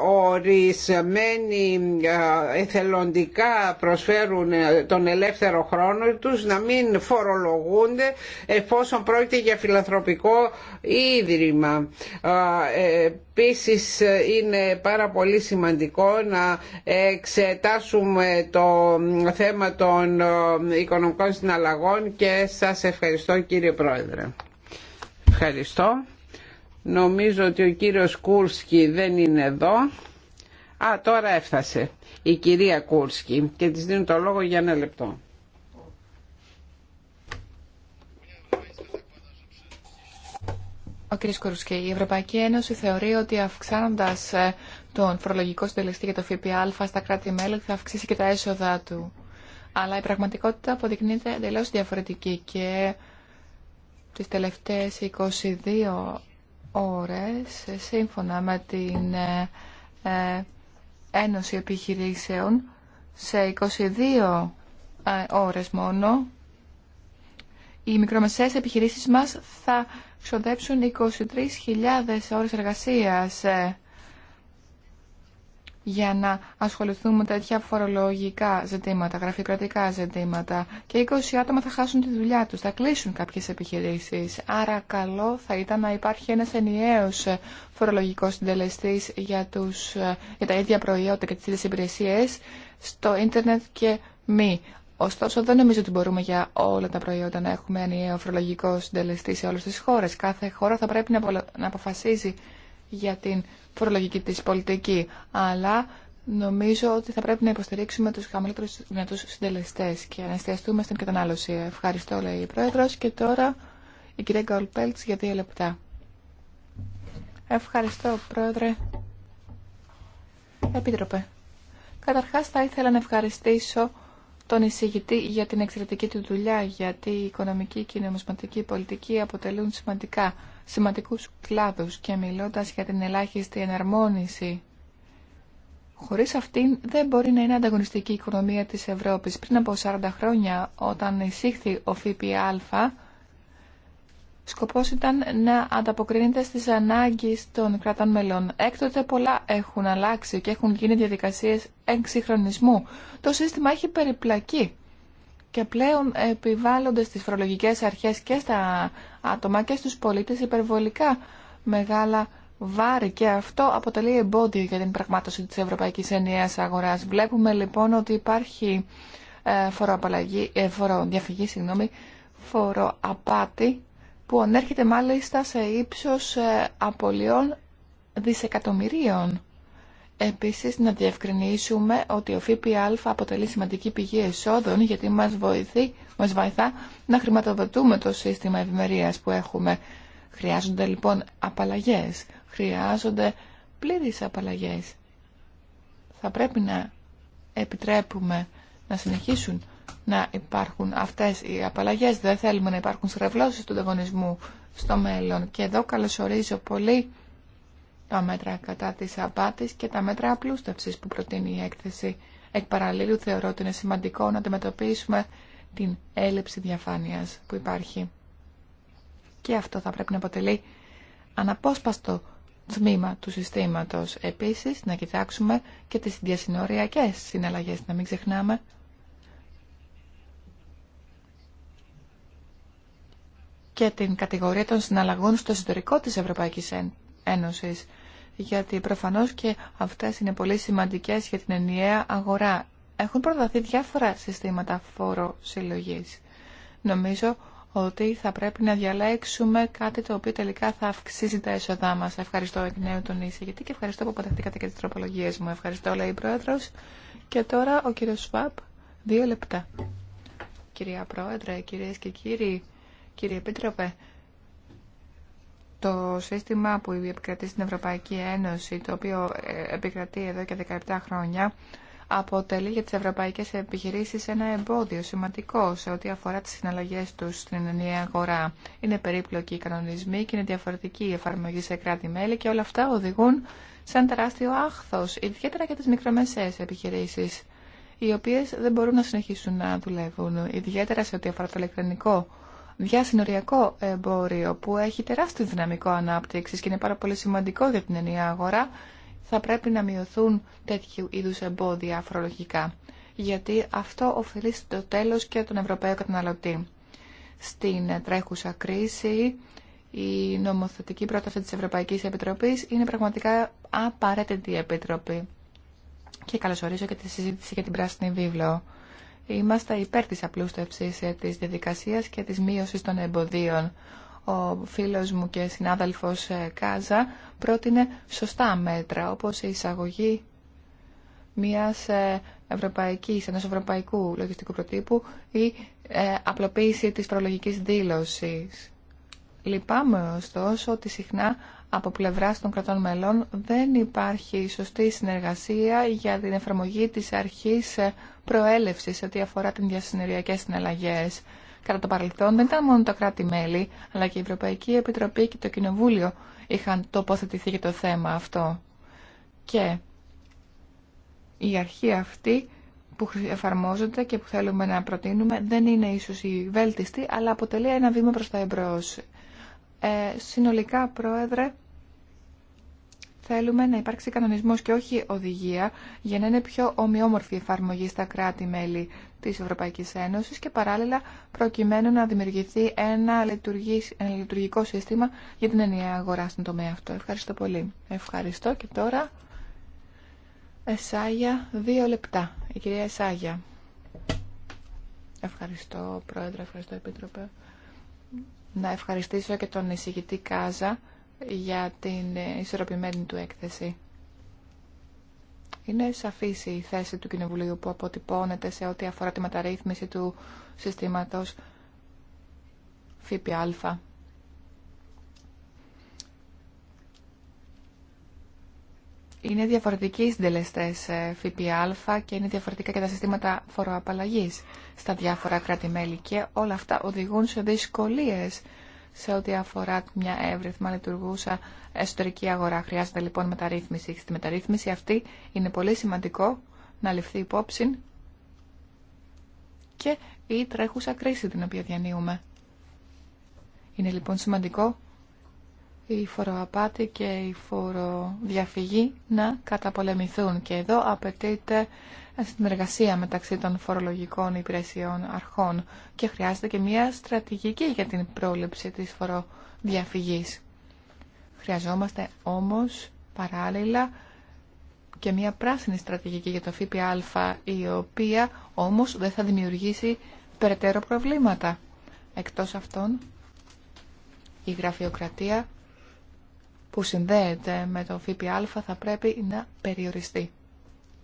[SPEAKER 3] ορισμένοι εθελοντικά προσφέρουν τον ελεύθερο χρόνο τους να μην φορολογούνται εφόσον πρόκειται για φιλανθρωπικό ίδρυμα. Επίσης είναι πάρα πολύ σημαντικό να Ξετάσουμε το θέμα των ε, οικονομικών συναλλαγών και σας ευχαριστώ κύριε Πρόεδρε. Ευχαριστώ. Νομίζω ότι ο κύριος Κούρσκι δεν είναι εδώ. Α, τώρα έφτασε η κυρία Κούρσκι και της δίνω το λόγο για ένα
[SPEAKER 4] λεπτό. Ο κ. Κουρουσκή, η Ευρωπαϊκή Ένωση θεωρεί ότι αυξάνοντας ε, τον φορολογικό συντελεστή για το ΦΠΑ στα κράτη-μέλη θα αυξήσει και τα έσοδα του. Αλλά η πραγματικότητα αποδεικνύεται εντελώ διαφορετική και τις τελευταίες 22 ώρες, σύμφωνα με την ε, ε, Ένωση Επιχειρήσεων, σε 22 ε, ώρες μόνο, οι μικρομεσαίες επιχειρήσεις μας θα ξοδέψουν 23.000 ώρες εργασίας για να ασχοληθούμε με τέτοια φορολογικά ζητήματα, γραφειοκρατικά ζητήματα και 20 άτομα θα χάσουν τη δουλειά τους, θα κλείσουν κάποιες επιχειρήσεις. Άρα καλό θα ήταν να υπάρχει ένας ενιαίος φορολογικός συντελεστής για, τους, για τα ίδια προϊόντα και τις ίδιες υπηρεσίες στο ίντερνετ και μη. Ωστόσο, δεν νομίζω ότι μπορούμε για όλα τα προϊόντα να έχουμε ενιαίο φορολογικό συντελεστή σε όλες τις χώρες. Κάθε χώρα θα πρέπει να αποφασίζει για την φορολογική της πολιτική, αλλά νομίζω ότι θα πρέπει να υποστηρίξουμε τους χαμηλότερους δυνατούς συντελεστές και να εστιαστούμε στην κατανάλωση. Ευχαριστώ, λέει η Πρόεδρος. Και τώρα η κυρία Γκολπέλτς για δύο λεπτά. Ευχαριστώ, Πρόεδρε. Επίτροπε. Καταρχάς θα ήθελα να ευχαριστήσω τον εισηγητή για την εξαιρετική του δουλειά, γιατί η οικονομική και η νομισματική πολιτική αποτελούν σημαντικά, σημαντικούς κλάδους και μιλώντας για την ελάχιστη εναρμόνιση. Χωρίς αυτήν δεν μπορεί να είναι ανταγωνιστική η οικονομία της Ευρώπης. Πριν από 40 χρόνια, όταν εισήχθη ο ΦΠΑ, Σκοπός ήταν να ανταποκρίνεται στις ανάγκες των κρατών μελών. Έκτοτε πολλά έχουν αλλάξει και έχουν γίνει διαδικασίες εξυγχρονισμού. Το σύστημα έχει περιπλακεί και πλέον επιβάλλονται στις φορολογικές αρχές και στα άτομα και στους πολίτες υπερβολικά μεγάλα βάρη και αυτό αποτελεί εμπόδιο για την πραγμάτωση της Ευρωπαϊκής Ενιαίας Αγοράς. Βλέπουμε λοιπόν ότι υπάρχει ε, φοροαπαλλαγή, ε, φοροδιαφυγή, συγγνώμη, φοροαπάτη που ανέρχεται μάλιστα σε ύψος ε, απολειών δισεκατομμυρίων. Επίσης, να διευκρινίσουμε ότι ο ΦΠΑ αποτελεί σημαντική πηγή εσόδων γιατί μας, βοηθεί, μας βοηθά να χρηματοδοτούμε το σύστημα ευημερίας που έχουμε. Χρειάζονται λοιπόν απαλλαγές, χρειάζονται πλήρεις απαλλαγές. Θα πρέπει να επιτρέπουμε να συνεχίσουν να υπάρχουν αυτές οι απαλλαγές. Δεν θέλουμε να υπάρχουν στρεβλώσεις του ανταγωνισμού στο μέλλον. Και εδώ καλωσορίζω πολύ τα μέτρα κατά της απάτης και τα μέτρα απλούστευσης που προτείνει η έκθεση. Εκ παραλλήλου θεωρώ ότι είναι σημαντικό να αντιμετωπίσουμε την έλλειψη διαφάνειας που υπάρχει. Και αυτό θα πρέπει να αποτελεί αναπόσπαστο τμήμα του συστήματος. Επίσης, να κοιτάξουμε και τις διασυνοριακές συναλλαγές, να μην ξεχνάμε και την κατηγορία των συναλλαγών στο εσωτερικό της Ευρωπαϊκής Ένωσης γιατί προφανώς και αυτές είναι πολύ σημαντικές για την ενιαία αγορά. Έχουν προταθεί διάφορα συστήματα φοροσυλλογής. Νομίζω ότι θα πρέπει να διαλέξουμε κάτι το οποίο τελικά θα αυξήσει τα έσοδά μας. Ευχαριστώ εκ νέου τον γιατί και ευχαριστώ που αποτεχτήκατε και τις τροπολογίες μου. Ευχαριστώ, λέει η Πρόεδρος. Και τώρα ο κύριος Σβάπ, δύο λεπτά. Κυρία Πρόεδρε, κυρίε και κύριοι, Κύριε Επίτροπε, το σύστημα που επικρατεί στην Ευρωπαϊκή Ένωση, το οποίο ε, επικρατεί εδώ και 17 χρόνια, αποτελεί για τις ευρωπαϊκές επιχειρήσεις ένα εμπόδιο σημαντικό σε ό,τι αφορά τις συναλλαγές τους στην ενιαία αγορά. Είναι περίπλοκοι οι κανονισμοί και είναι διαφορετική η εφαρμογή σε κράτη-μέλη και όλα αυτά οδηγούν σε ένα τεράστιο άχθος, ιδιαίτερα για τις μικρομεσαίες επιχειρήσεις, οι οποίες δεν μπορούν να συνεχίσουν να δουλεύουν, ιδιαίτερα σε ό,τι αφορά το ηλεκτρονικό διασυνοριακό εμπόριο που έχει τεράστιο δυναμικό ανάπτυξης και είναι πάρα πολύ σημαντικό για την ενιαία αγορά, θα πρέπει να μειωθούν τέτοιου είδους εμπόδια αφορολογικά. Γιατί αυτό ωφελεί στο τέλος και τον Ευρωπαίο καταναλωτή. Στην τρέχουσα κρίση, η νομοθετική πρόταση της Ευρωπαϊκής Επιτροπής είναι πραγματικά απαραίτητη επιτροπή. Και καλωσορίζω και τη συζήτηση για την Πράσινη Βίβλο. Είμαστε υπέρ της απλούστευσης ε, της διαδικασίας και της μείωσης των εμποδίων. Ο φίλος μου και συνάδελφος ε, Κάζα πρότεινε σωστά μέτρα, όπως η εισαγωγή μιας ε, ευρωπαϊκής, ενός ευρωπαϊκού λογιστικού προτύπου ή απλοποίηση της προλογικής δήλωσης. Λυπάμαι ωστόσο ότι συχνά από πλευρά των κρατών μελών δεν υπάρχει σωστή συνεργασία για την εφαρμογή της αρχής προέλευσης σε ό,τι αφορά τι διασυνοριακές συναλλαγές. Κατά το παρελθόν δεν ήταν μόνο τα κράτη-μέλη, αλλά και η Ευρωπαϊκή Επιτροπή και το Κοινοβούλιο είχαν τοποθετηθεί για το θέμα αυτό. Και η αρχή αυτή που εφαρμόζονται και που θέλουμε να προτείνουμε δεν είναι ίσως η βέλτιστη, αλλά αποτελεί ένα βήμα προς τα εμπρός. Ε, συνολικά, Πρόεδρε, θέλουμε να υπάρξει κανονισμός και όχι οδηγία για να είναι πιο ομοιόμορφη η εφαρμογή στα κράτη-μέλη της Ευρωπαϊκής Ένωσης και παράλληλα προκειμένου να δημιουργηθεί ένα, ένα λειτουργικό σύστημα για την ενιαία αγορά στον τομέα αυτό. Ευχαριστώ πολύ. Ευχαριστώ και τώρα Εσάγια, δύο λεπτά. Η κυρία Εσάγια. Ευχαριστώ, Πρόεδρε, ευχαριστώ, Επίτροπε. Να ευχαριστήσω και τον εισηγητή Κάζα για την ισορροπημένη του έκθεση. Είναι σαφής η θέση του Κοινοβουλίου που αποτυπώνεται σε ό,τι αφορά τη μεταρρύθμιση του συστήματος ΦΠΑ. Είναι διαφορετικοί οι συντελεστέ ε, ΦΠΑ και είναι διαφορετικά και τα συστήματα φοροαπαλλαγή στα διάφορα κράτη-μέλη και όλα αυτά οδηγούν σε δυσκολίε σε ό,τι αφορά μια εύρυθμα λειτουργούσα εσωτερική αγορά. Χρειάζεται λοιπόν μεταρρύθμιση. Στη μεταρρύθμιση αυτή είναι πολύ σημαντικό να ληφθεί υπόψη και η τρέχουσα κρίση την οποία διανύουμε. Είναι λοιπόν σημαντικό η φοροαπάτη και η φοροδιαφυγή να καταπολεμηθούν. Και εδώ απαιτείται συνεργασία μεταξύ των φορολογικών υπηρεσιών αρχών και χρειάζεται και μια στρατηγική για την πρόληψη της φοροδιαφυγής. Χρειαζόμαστε όμως παράλληλα και μια πράσινη στρατηγική για το ΦΠΑ η οποία όμως δεν θα δημιουργήσει περαιτέρω προβλήματα. Εκτός αυτών η γραφειοκρατία που συνδέεται με το ΦΠΑ θα πρέπει να περιοριστεί.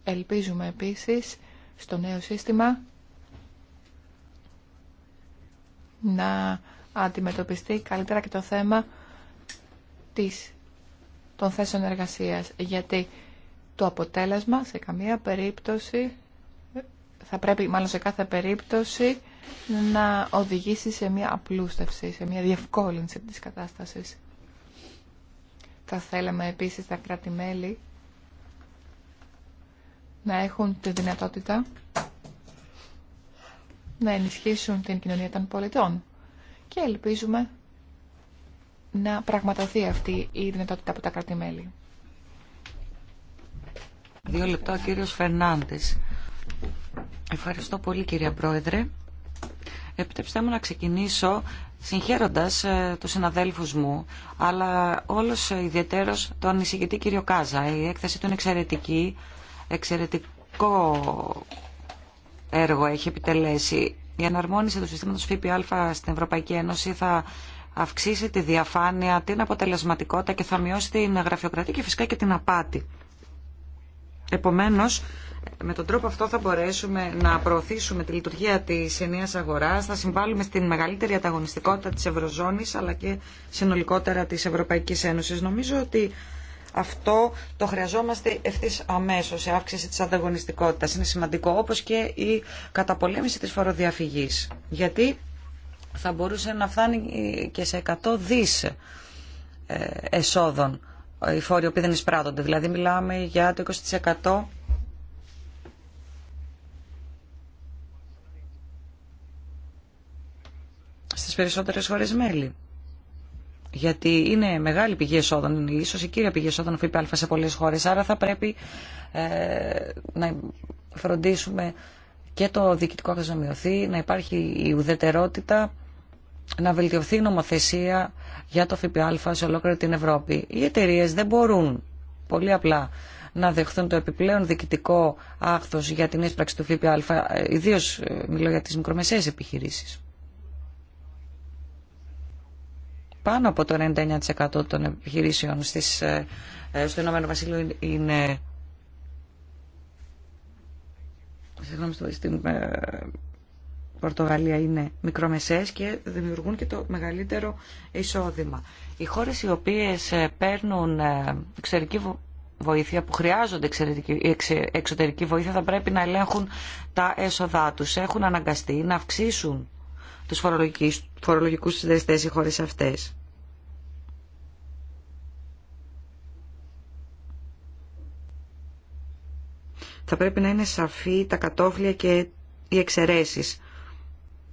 [SPEAKER 4] Ελπίζουμε επίσης στο νέο σύστημα να αντιμετωπιστεί καλύτερα και το θέμα της, των θέσεων εργασίας, γιατί το αποτέλεσμα σε καμία περίπτωση θα πρέπει μάλλον σε κάθε περίπτωση να οδηγήσει σε μια απλούστευση, σε μια διευκόλυνση της κατάστασης. Θα θέλαμε επίσης τα κράτη-μέλη να έχουν τη δυνατότητα να ενισχύσουν την κοινωνία των πολιτών. Και ελπίζουμε να πραγματοθεί αυτή η δυνατότητα από τα κράτη-μέλη.
[SPEAKER 5] Δύο λεπτά ο κύριος Φερνάντες. Ευχαριστώ πολύ κυρία Πρόεδρε. Επιτρέψτε μου να ξεκινήσω συγχαίροντας ε, τους συναδέλφους μου, αλλά όλος ε, ιδιαίτερος τον εισηγητή κύριο Κάζα. Η έκθεση του είναι εξαιρετική εξαιρετικό έργο έχει επιτελέσει. Η εναρμόνιση του συστήματος ΦΠΑ στην Ευρωπαϊκή Ένωση θα αυξήσει τη διαφάνεια, την αποτελεσματικότητα και θα μειώσει την γραφειοκρατία και φυσικά και την απάτη. Επομένως, με τον τρόπο αυτό θα μπορέσουμε να προωθήσουμε τη λειτουργία της ενίας αγοράς, θα συμβάλλουμε στην μεγαλύτερη ανταγωνιστικότητα της Ευρωζώνης αλλά και συνολικότερα της Ευρωπαϊκής Ένωσης. Νομίζω ότι αυτό το χρειαζόμαστε ευθύ αμέσω η αύξηση τη ανταγωνιστικότητα. Είναι σημαντικό όπω και η καταπολέμηση τη φοροδιαφυγή. Γιατί θα μπορούσε να φτάνει και σε 100 δι ε, εσόδων ε, οι φόροι που δεν εισπράττονται. Δηλαδή μιλάμε για το 20% στις περισσότερες χώρες μέλη γιατί είναι μεγάλη πηγή εσόδων, ίσως η κύρια πηγή εσόδων ΦΠΑ σε πολλέ χώρε. Άρα θα πρέπει ε, να φροντίσουμε και το διοικητικό να μειωθεί, να υπάρχει η ουδετερότητα, να βελτιωθεί η νομοθεσία για το ΦΠΑ σε ολόκληρη την Ευρώπη. Οι εταιρείε δεν μπορούν πολύ απλά να δεχθούν το επιπλέον διοικητικό άχθος για την έσπραξη του ΦΠΑ, ε, ιδίως ε, μιλώ για τις μικρομεσαίες επιχειρήσεις. πάνω από το 99% των επιχειρήσεων στις, ε, ε, στο Ηνωμένο Βασίλειο είναι συγγνώμη, στην ε, Πορτογαλία είναι μικρομεσαίες και δημιουργούν και το μεγαλύτερο εισόδημα. Οι χώρες οι οποίες παίρνουν εξωτερική βοήθεια, που χρειάζονται εξωτερική βοήθεια, θα πρέπει να ελέγχουν τα έσοδά τους. Έχουν αναγκαστεί να αυξήσουν τους φορολογικούς συνδεστές οι χώρες αυτές. Θα πρέπει να είναι σαφή τα κατόφλια και οι εξαιρέσει.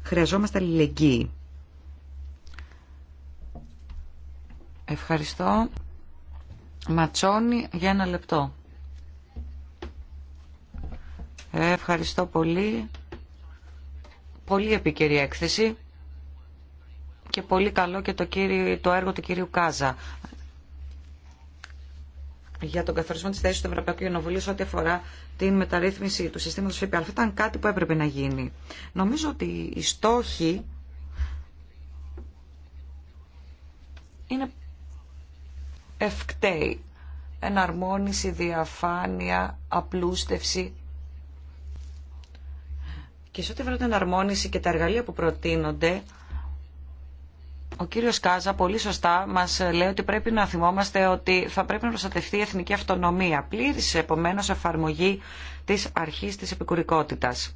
[SPEAKER 5] Χρειαζόμαστε αλληλεγγύη. Ευχαριστώ. Ματσόνι για ένα λεπτό. Ευχαριστώ πολύ. Πολύ επικαιρή έκθεση και πολύ καλό και το, κύριο, το έργο του κύριου Κάζα για τον καθορισμό τη θέση του Ευρωπαϊκού Κοινοβουλίου σε ό,τι αφορά την μεταρρύθμιση του συστήματο ΦΠΑ. Αυτό ήταν κάτι που έπρεπε να γίνει. Νομίζω ότι οι στόχοι είναι ευκταίοι. Εναρμόνιση, διαφάνεια, απλούστευση. Και σε ό,τι αφορά την εναρμόνιση και τα εργαλεία που προτείνονται, ο κύριος Κάζα πολύ σωστά μας λέει ότι πρέπει να θυμόμαστε ότι θα πρέπει να προστατευτεί η εθνική αυτονομία. Πλήρης επομένω εφαρμογή της αρχή της επικουρικότητας.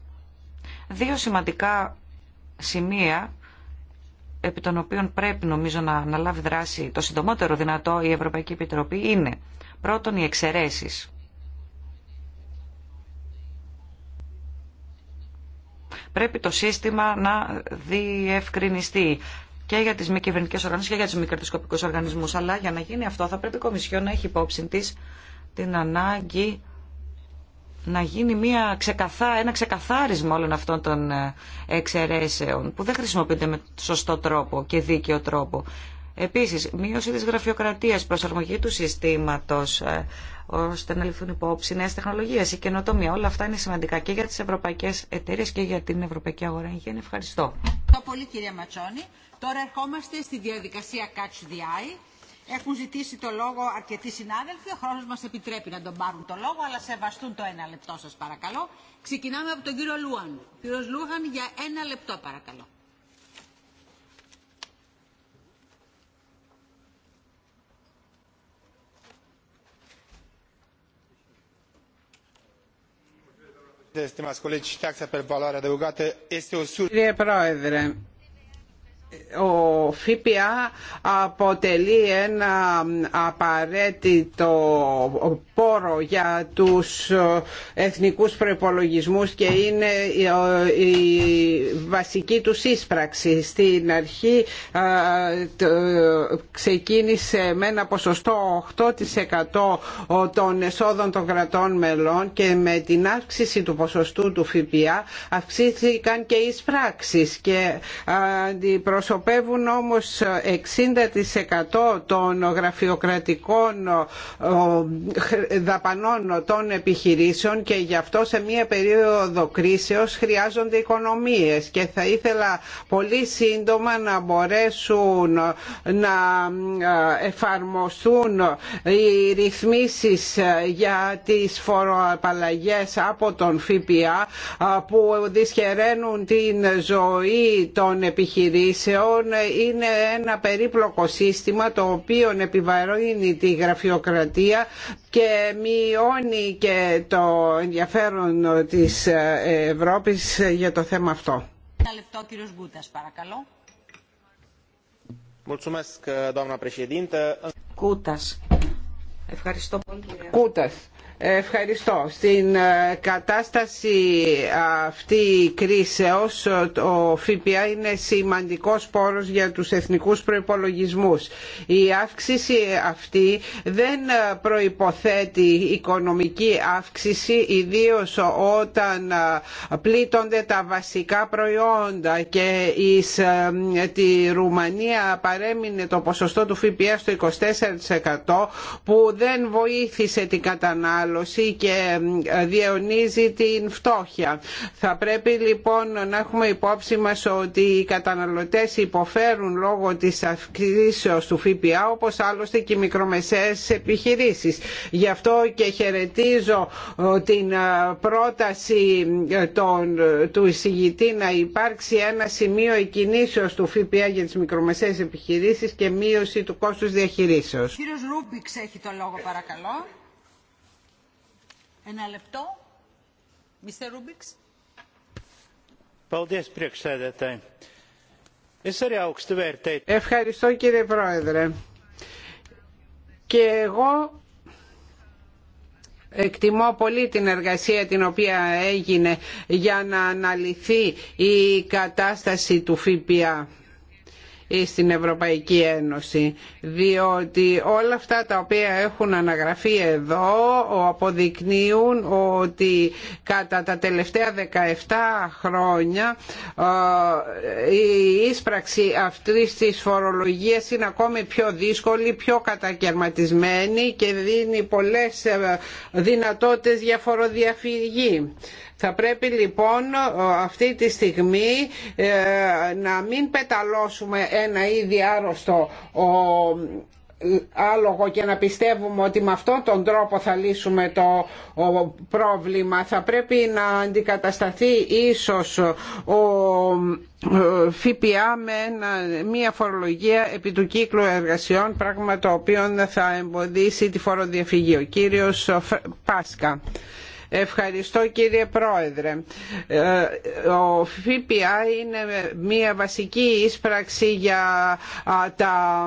[SPEAKER 5] Δύο σημαντικά σημεία επί των οποίων πρέπει νομίζω να αναλάβει δράση το συντομότερο δυνατό η Ευρωπαϊκή Επιτροπή είναι πρώτον οι εξαιρέσει. Πρέπει το σύστημα να διευκρινιστεί και για τις μη κυβερνητικέ και για του μη οργανισμούς. Αλλά για να γίνει αυτό θα πρέπει η Κομισιό να έχει υπόψη τη την ανάγκη να γίνει μια ξεκαθά, ένα ξεκαθάρισμα όλων αυτών των ε, εξαιρέσεων που δεν χρησιμοποιείται με σωστό τρόπο και δίκαιο τρόπο. Επίσης, μείωση της γραφειοκρατίας, προσαρμογή του συστήματος, ε, ώστε να ληφθούν υπόψη νέες τεχνολογίες, η καινοτομία. Όλα αυτά είναι σημαντικά και για τις ευρωπαϊκές εταιρείες και για την ευρωπαϊκή αγορά. ευχαριστώ. Ευχαριστώ
[SPEAKER 2] πολύ κυρία Ματσόνη. Τώρα ερχόμαστε στη διαδικασία Catch the Eye. Έχουν ζητήσει το λόγο αρκετοί συνάδελφοι. Ο χρόνο μα επιτρέπει να τον πάρουν το λόγο, αλλά σεβαστούν το ένα λεπτό σα παρακαλώ. Ξεκινάμε από τον κύριο Λούαν. Κύριο Λούχαν για ένα λεπτό παρακαλώ.
[SPEAKER 3] Κύριε Πρόεδρε, ο ΦΠΑ αποτελεί ένα απαραίτητο πόρο για τους εθνικούς προϋπολογισμούς και είναι η βασική του σύσπραξη. Στην αρχή ξεκίνησε με ένα ποσοστό 8% των εσόδων των κρατών μελών και με την αύξηση του ποσοστού του ΦΠΑ αυξήθηκαν και οι εισπράξεις και αντιπροσωπεύονται Αντιπροσωπεύουν όμως 60% των γραφειοκρατικών δαπανών των επιχειρήσεων και γι' αυτό σε μία περίοδο κρίσεως χρειάζονται οικονομίες και θα ήθελα πολύ σύντομα να μπορέσουν να ε, εφαρμοστούν οι ρυθμίσεις ε, για τις φοροαπαλλαγές από τον ΦΠΑ ε, που δυσχεραίνουν την ζωή των επιχειρήσεων είναι ένα περίπλοκο σύστημα το οποίο επιβαρύνει τη γραφειοκρατία και μειώνει και το ενδιαφέρον της Ευρώπης για το θέμα αυτό.
[SPEAKER 2] Ένα λεπτό, κύριος Γκούτας, παρακαλώ.
[SPEAKER 3] Κούτας. Ευχαριστώ πολύ. Κούτας. Ευχαριστώ. Στην ε, κατάσταση αυτή κρίσεως το ΦΠΑ είναι σημαντικός πόρος για τους εθνικούς προϋπολογισμούς. Η αύξηση αυτή δεν προϋποθέτει οικονομική αύξηση ιδίως όταν ε, πλήττονται τα βασικά προϊόντα και εις ε, τη Ρουμανία παρέμεινε το ποσοστό του ΦΠΑ στο 24% που δεν βοήθησε την κατανάλωση και διαιωνίζει την φτώχεια. Θα πρέπει λοιπόν να έχουμε υπόψη μας ότι οι καταναλωτές υποφέρουν λόγω της αυξήσεως του ΦΠΑ όπως άλλωστε και οι μικρομεσαίες επιχειρήσεις. Γι' αυτό και χαιρετίζω την πρόταση του εισηγητή να υπάρξει ένα σημείο εκκινήσεως του ΦΠΑ για τις μικρομεσαίες επιχειρήσεις και μείωση του κόστους διαχειρήσεως.
[SPEAKER 2] Κύριος Ρούμπιξ έχει το λόγο παρακαλώ.
[SPEAKER 3] Ευχαριστώ κύριε Πρόεδρε. Και εγώ εκτιμώ πολύ την εργασία την οποία έγινε για να αναλυθεί η κατάσταση του ΦΠΑ στην Ευρωπαϊκή Ένωση διότι όλα αυτά τα οποία έχουν αναγραφεί εδώ αποδεικνύουν ότι κατά τα τελευταία 17 χρόνια ε, η ίσπραξη αυτής της φορολογίας είναι ακόμη πιο δύσκολη, πιο κατακαιρματισμένη και δίνει πολλές ε, δυνατότητες για φοροδιαφυγή. Θα πρέπει λοιπόν αυτή τη στιγμή ε, να μην πεταλώσουμε ένα ήδη άρρωστο άλογο και να πιστεύουμε ότι με αυτόν τον τρόπο θα λύσουμε το πρόβλημα. Θα πρέπει να αντικατασταθεί ίσως ο ΦΠΑ με μια φορολογία επί του κύκλου εργασιών, πράγμα το οποίο θα εμποδίσει τη φοροδιαφυγή. Ο κύριος Πάσκα. Ευχαριστώ κύριε Πρόεδρε. Ε, ο ΦΠΑ είναι μια βασική ίσπραξη για τα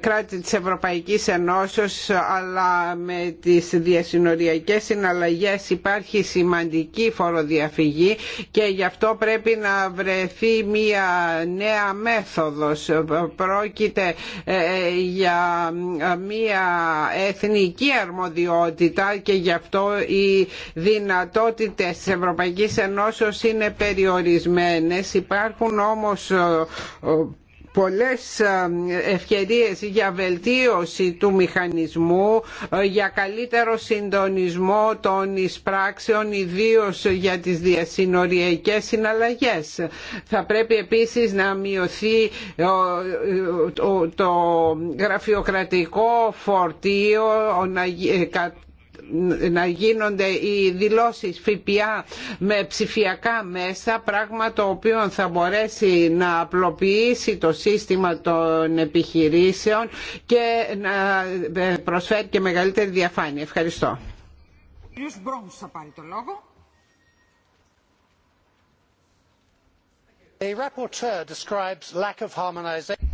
[SPEAKER 3] κράτη της Ευρωπαϊκής Ενώσεως αλλά με τις διασυνοριακές συναλλαγές υπάρχει σημαντική φοροδιαφυγή και γι' αυτό πρέπει να βρεθεί μια νέα μέθοδος. Πρόκειται ε, για μια εθνική αρμοδιότητα και γι' αυτό η δυνατότητες της Ευρωπαϊκής Ενώσεως είναι περιορισμένες. Υπάρχουν όμως ε, ε, πολλές ε, ευκαιρίες για βελτίωση του μηχανισμού, για καλύτερο συντονισμό των εισπράξεων, ιδίως για τις διασυνοριακές συναλλαγές. Θα πρέπει επίσης να μειωθεί το γραφειοκρατικό φορτίο, να γίνονται οι δηλώσεις ΦΠΑ με ψηφιακά μέσα πράγμα το οποίο θα μπορέσει να απλοποιήσει το σύστημα των επιχειρήσεων και να προσφέρει και μεγαλύτερη διαφάνεια. Ευχαριστώ.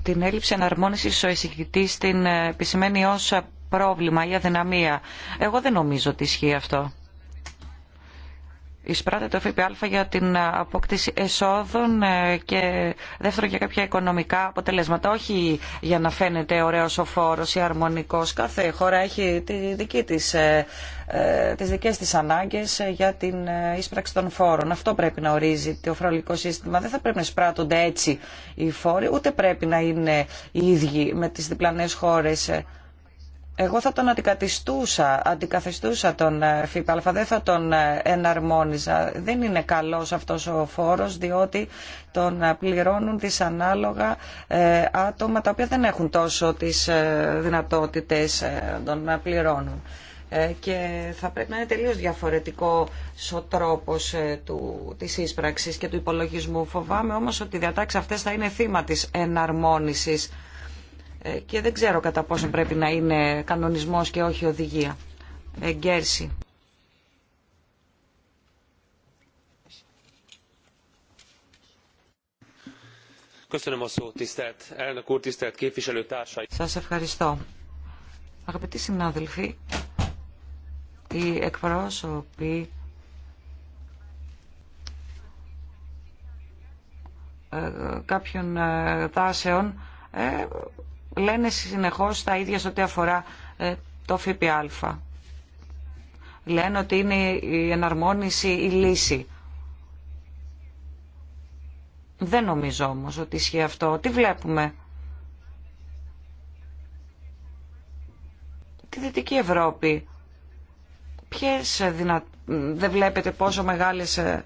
[SPEAKER 5] Την έλλειψη εναρμόνισης ο εισηγητής την ε, επισημαίνει πρόβλημα ή αδυναμία. Εγώ δεν νομίζω ότι ισχύει αυτό. Εισπράτεται το ΦΠΑ για την απόκτηση εσόδων ε, και δεύτερο για κάποια οικονομικά αποτελέσματα. Όχι για να φαίνεται ωραίο ο φόρος ή αρμονικός. Κάθε χώρα έχει τη δική της, ε, ε, τις δικές της ανάγκες για την εισπράξη των φόρων. Αυτό πρέπει να ορίζει το φορολογικό σύστημα. Δεν θα πρέπει να εισπράττονται έτσι οι φόροι, ούτε πρέπει να είναι οι ίδιοι με τις διπλανές χώρες. Εγώ θα τον αντικαθιστούσα, αντικαθιστούσα τον ε, ΦΥΠΑΛΦΑ, δεν θα τον ε, εναρμόνιζα. Δεν είναι καλός αυτός ο φόρος, διότι τον ε, πληρώνουν δυσανάλογα άτομα τα οποία δεν έχουν τόσο τις δυνατότητες τον να πληρώνουν. Και θα πρέπει να είναι τελείως διαφορετικό ο τρόπος του, της ίσπραξης και του υπολογισμού. Φοβάμαι όμως ότι οι διατάξεις αυτές θα είναι θύμα της εναρμόνισης ε, και δεν ξέρω κατά πόσο πρέπει να είναι κανονισμός και όχι οδηγία. Εγκέρση. Σας ευχαριστώ. Αγαπητοί συνάδελφοι, οι εκπρόσωποι ε, κάποιων δάσεων. Ε, λένε συνεχώς τα ίδια σε ό,τι αφορά ε, το ΦΠΑ. Λένε ότι είναι η εναρμόνιση η λύση. Δεν νομίζω όμως ότι ισχύει αυτό. Τι βλέπουμε. Τη Δυτική Ευρώπη. Ποιες δεν βλέπετε πόσο μεγάλες ε,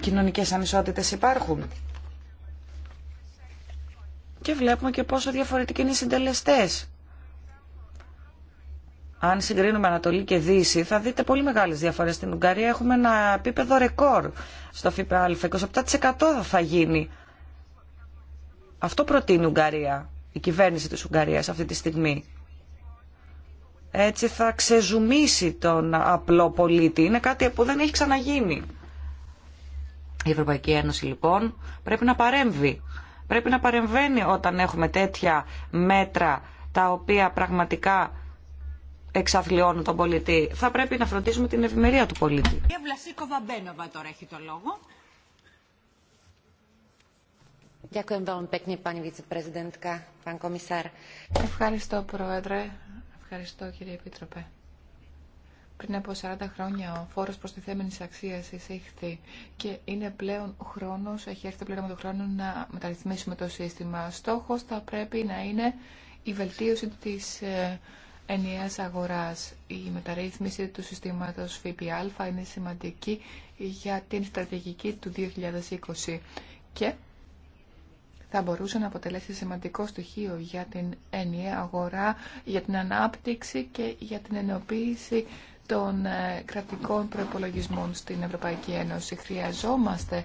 [SPEAKER 5] κοινωνικές ανισότητες υπάρχουν και βλέπουμε και πόσο διαφορετικοί είναι οι συντελεστές. Αν συγκρίνουμε Ανατολή και Δύση, θα δείτε πολύ μεγάλε διαφορέ. Στην Ουγγαρία έχουμε ένα επίπεδο ρεκόρ στο ΦΠΑ. 27% θα γίνει. Αυτό προτείνει η Ουγγαρία, η κυβέρνηση τη Ουγγαρία αυτή τη στιγμή. Έτσι θα ξεζουμίσει τον απλό πολίτη. Είναι κάτι που δεν έχει ξαναγίνει. Η Ευρωπαϊκή Ένωση λοιπόν πρέπει να παρέμβει πρέπει να παρεμβαίνει όταν έχουμε τέτοια μέτρα τα οποία πραγματικά εξαθλιώνουν τον πολιτή. Θα πρέπει να φροντίσουμε την
[SPEAKER 2] ευημερία του πολίτη. Η τώρα έχει το λόγο.
[SPEAKER 4] Ευχαριστώ, Πρόεδρε. Ευχαριστώ, κύριε Επίτροπε. Πριν από 40 χρόνια ο φόρος προστιθέμενης αξία εισήχθη και είναι πλέον χρόνο, έχει έρθει πλέον με τον χρόνο να μεταρρυθμίσουμε το σύστημα. Στόχο θα πρέπει να είναι η βελτίωση τη ε, ενιαία αγορά. Η μεταρρύθμιση του συστήματο ΦΠΑ είναι σημαντική για την στρατηγική του 2020 και θα μπορούσε να αποτελέσει σημαντικό στοιχείο για την ενιαία αγορά, για την ανάπτυξη και για την ενοποίηση των ε, κρατικών προπολογισμών στην Ευρωπαϊκή Ένωση. Χρειαζόμαστε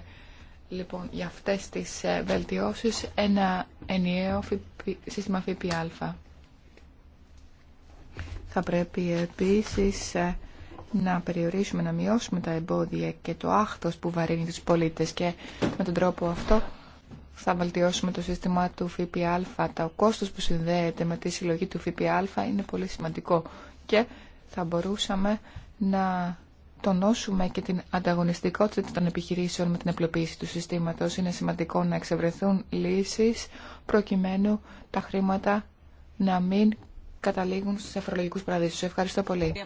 [SPEAKER 4] λοιπόν για αυτές τις ε, βελτιώσεις ένα ενιαίο σύστημα ΦΠΑ. Θα πρέπει επίσης ε, να περιορίσουμε, να μειώσουμε τα εμπόδια και το άχθος που βαρύνει τους πολίτες και με τον τρόπο αυτό θα βελτιώσουμε το σύστημα του ΦΠΑ. Το κόστος που συνδέεται με τη συλλογή του ΦΠΑ είναι πολύ σημαντικό και θα μπορούσαμε να τονώσουμε και την ανταγωνιστικότητα των επιχειρήσεων με την απλοποίηση του συστήματος. Είναι σημαντικό να εξευρεθούν λύσεις προκειμένου τα χρήματα να μην καταλήγουν στους αφρολογικούς παραδείσους. Ευχαριστώ πολύ. Ε,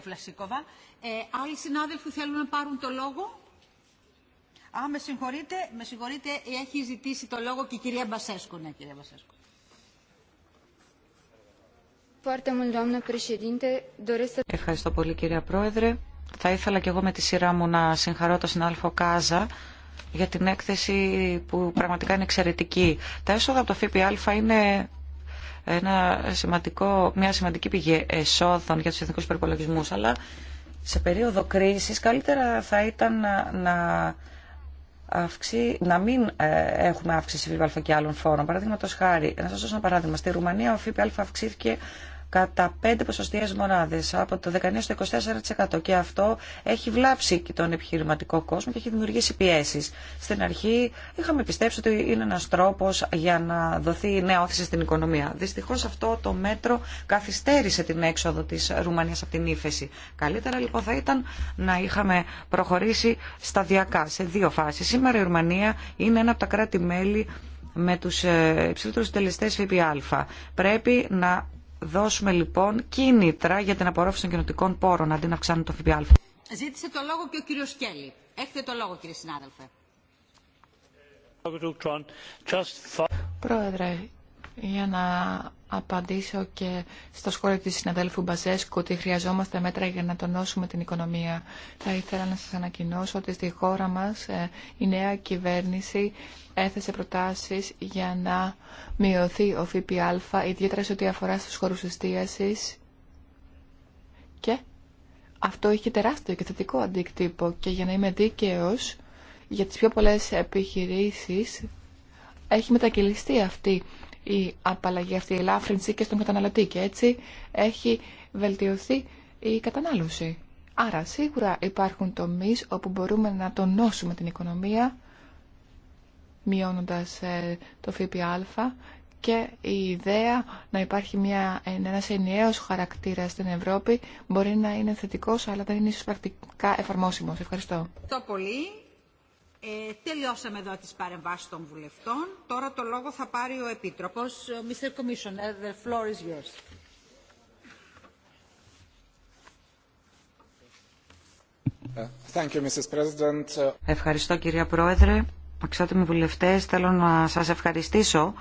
[SPEAKER 2] άλλοι συνάδελφοι θέλουν να πάρουν το λόγο. Α, με συγχωρείτε, με συγχωρείτε, έχει ζητήσει το λόγο και η κυρία Μπασέσκο. Ναι, κυρία Μπασέσκο.
[SPEAKER 5] Ευχαριστώ πολύ κύριε Πρόεδρε. Θα ήθελα και εγώ με τη σειρά μου να συγχαρώ τον συνάδελφο Κάζα για την έκθεση που πραγματικά είναι εξαιρετική. Τα έσοδα από το ΦΠΑ είναι ένα σημαντικό, μια σημαντική πηγή εσόδων για τους εθνικούς περιπολογισμούς, αλλά σε περίοδο κρίσης καλύτερα θα ήταν να, να, αυξή, να μην ε, έχουμε αύξηση ΦΠΑ και άλλων φόρων. Παραδείγματο χάρη, να σα δώσω ένα παράδειγμα. Στη Ρουμανία ο ΦΠΑ αυξήθηκε κατά 5 ποσοστιαίες μονάδε από το 19% στο 24% και αυτό έχει βλάψει και τον επιχειρηματικό κόσμο και έχει δημιουργήσει πιέσει. Στην αρχή είχαμε πιστέψει ότι είναι ένα τρόπο για να δοθεί νέα όθηση στην οικονομία. Δυστυχώ αυτό το μέτρο καθυστέρησε την έξοδο τη Ρουμανία από την ύφεση. Καλύτερα λοιπόν θα ήταν να είχαμε προχωρήσει σταδιακά σε δύο φάσει. Σήμερα η Ρουμανία είναι ένα από τα κράτη-μέλη με τους ε, υψηλότερους τελεστές ΦΠΑ. Πρέπει να δώσουμε λοιπόν κίνητρα για την απορρόφηση των κοινοτικών πόρων αντί να αυξάνουν το ΦΠΑ.
[SPEAKER 2] Ζήτησε το λόγο και ο κύριος Σκέλη. Έχετε το λόγο κύριε συνάδελφε.
[SPEAKER 4] Πρόεδρε, για να απαντήσω και στο σχόλιο της συναδέλφου Μπαζέσκου ότι χρειαζόμαστε μέτρα για να τονώσουμε την οικονομία. Θα ήθελα να σας ανακοινώσω ότι στη χώρα μας ε, η νέα κυβέρνηση έθεσε προτάσεις για να μειωθεί ο ΦΠΑ, ιδιαίτερα σε ό,τι αφορά στους χώρους εστίασης και αυτό έχει τεράστιο και θετικό αντίκτυπο και για να είμαι δίκαιος για τις πιο πολλές επιχειρήσεις έχει μετακυλιστεί αυτή η απαλλαγή αυτή, η ελάφρυνση και στον καταναλωτή και έτσι έχει βελτιωθεί η κατανάλωση. Άρα σίγουρα υπάρχουν τομείς όπου μπορούμε να τονώσουμε την οικονομία μειώνοντας ε, το ΦΠΑ και η ιδέα να υπάρχει μια, ένας ενιαίος στην Ευρώπη μπορεί να είναι θετικός αλλά δεν είναι ίσως πρακτικά εφαρμόσιμος. Ευχαριστώ.
[SPEAKER 2] Ε, τελειώσαμε εδώ τις παρεμβάσεις των βουλευτών. Τώρα το λόγο θα πάρει ο Επίτροπος. Ε, Mr. Commissioner, the floor is yours.
[SPEAKER 6] Uh, thank you, Mrs. President. Uh,
[SPEAKER 5] Ευχαριστώ κυρία Πρόεδρε. Αξιότιμοι βουλευτές, θέλω να σας ευχαριστήσω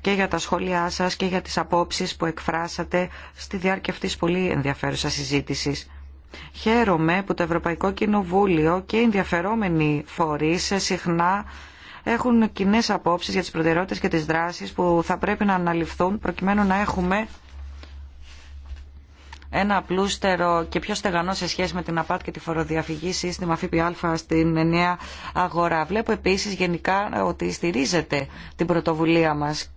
[SPEAKER 5] και για τα σχόλιά σας και για τις απόψεις που εκφράσατε στη διάρκεια αυτής πολύ ενδιαφέρουσας συζήτησης. Χαίρομαι που το Ευρωπαϊκό Κοινοβούλιο και οι ενδιαφερόμενοι φορείς συχνά έχουν κοινέ απόψεις για τις προτεραιότητες και τις δράσεις που θα πρέπει να αναλυφθούν προκειμένου να έχουμε ένα πλούστερο και πιο στεγανό σε σχέση με την ΑΠΑΤ και τη φοροδιαφυγή σύστημα ΦΠΑ στην νέα αγορά. Βλέπω επίσης γενικά ότι στηρίζεται την πρωτοβουλία μας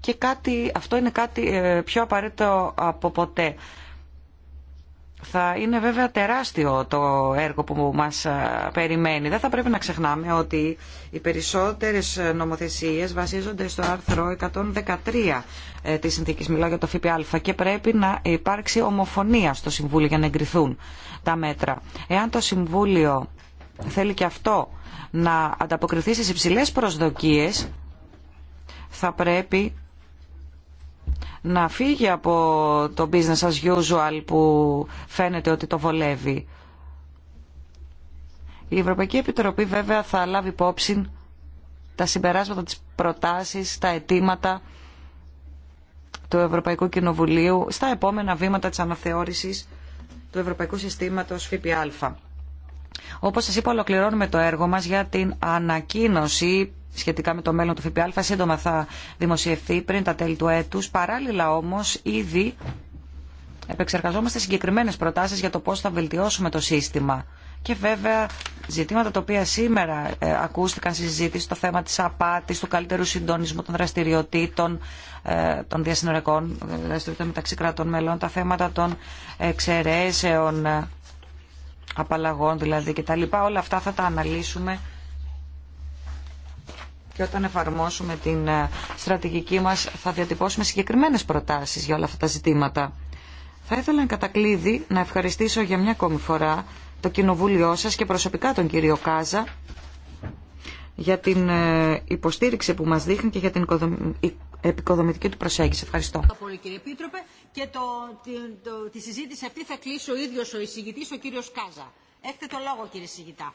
[SPEAKER 5] και κάτι, αυτό είναι κάτι ε, πιο απαραίτητο από ποτέ. Θα είναι βέβαια τεράστιο το έργο που μας ε, περιμένει. Δεν θα πρέπει να ξεχνάμε ότι οι περισσότερες νομοθεσίες βασίζονται στο άρθρο 113 ε, της συνθήκης. Μιλάω για το ΦΠΑ και πρέπει να υπάρξει ομοφωνία στο Συμβούλιο για να εγκριθούν τα μέτρα. Εάν το Συμβούλιο θέλει και αυτό να ανταποκριθεί στις υψηλές προσδοκίες, θα πρέπει να φύγει από το business as usual που φαίνεται ότι το βολεύει. Η Ευρωπαϊκή Επιτροπή βέβαια θα λάβει υπόψη τα συμπεράσματα της προτάσεις, τα αιτήματα του Ευρωπαϊκού Κοινοβουλίου στα επόμενα βήματα της αναθεώρησης του Ευρωπαϊκού Συστήματος ΦΠΑ. Όπως σας είπα, ολοκληρώνουμε το έργο μας για την ανακοίνωση σχετικά με το μέλλον του ΦΠΑ σύντομα θα δημοσιευθεί πριν τα τέλη του έτους. Παράλληλα όμως ήδη επεξεργαζόμαστε συγκεκριμένες προτάσεις για το πώς θα βελτιώσουμε το σύστημα. Και βέβαια ζητήματα τα οποία σήμερα ε, ακούστηκαν στη συζήτηση, το θέμα της απάτης, του καλύτερου συντονισμού των δραστηριοτήτων, ε, των διασυνορικών ε, δραστηριοτήτων μεταξύ κρατών μελών, τα θέματα των εξαιρέσεων, ε, απαλλαγών δηλαδή κτλ. Όλα αυτά θα τα αναλύσουμε και όταν εφαρμόσουμε την ε, στρατηγική μας θα διατυπώσουμε συγκεκριμένες προτάσεις για όλα αυτά τα ζητήματα. Θα ήθελα να κλείδι να ευχαριστήσω για μια ακόμη φορά το κοινοβούλιο σας και προσωπικά τον κύριο Κάζα για την ε, υποστήριξη που μας δείχνει και για την επικοδομητική του προσέγγιση. Ευχαριστώ.
[SPEAKER 2] πολύ κύριε Επίτροπε και το, τη, τη συζήτηση αυτή θα κλείσει ο ίδιος ο εισηγητής, ο κύριος Κάζα. Έχετε το λόγο κύριε εισηγητά.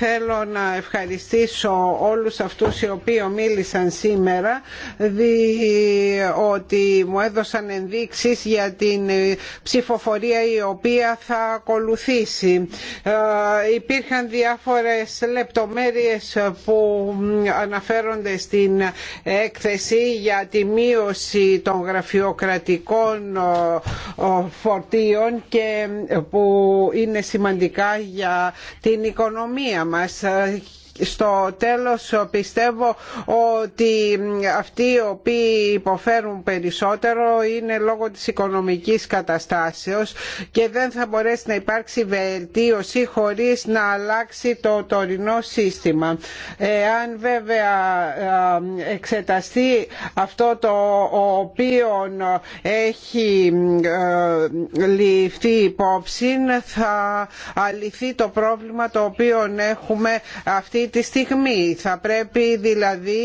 [SPEAKER 3] Θέλω να ευχαριστήσω όλους αυτούς οι οποίοι μίλησαν σήμερα διότι μου έδωσαν ενδείξεις για την ψηφοφορία η οποία θα ακολουθήσει. Ε, υπήρχαν διάφορες λεπτομέρειες που αναφέρονται στην έκθεση για τη μείωση των γραφειοκρατικών ε, ε, φορτίων και που είναι σημαντικά για την οικονομία μας στο τέλος πιστεύω ότι αυτοί οι οποίοι υποφέρουν περισσότερο είναι λόγω της οικονομικής καταστάσεως και δεν θα μπορέσει να υπάρξει βελτίωση χωρίς να αλλάξει το τωρινό σύστημα. Εάν βέβαια ε, εξεταστεί αυτό το οποίο έχει ε, ληφθεί υπόψη θα αληθεί το πρόβλημα το οποίο έχουμε αυτή τη στιγμή. Θα πρέπει δηλαδή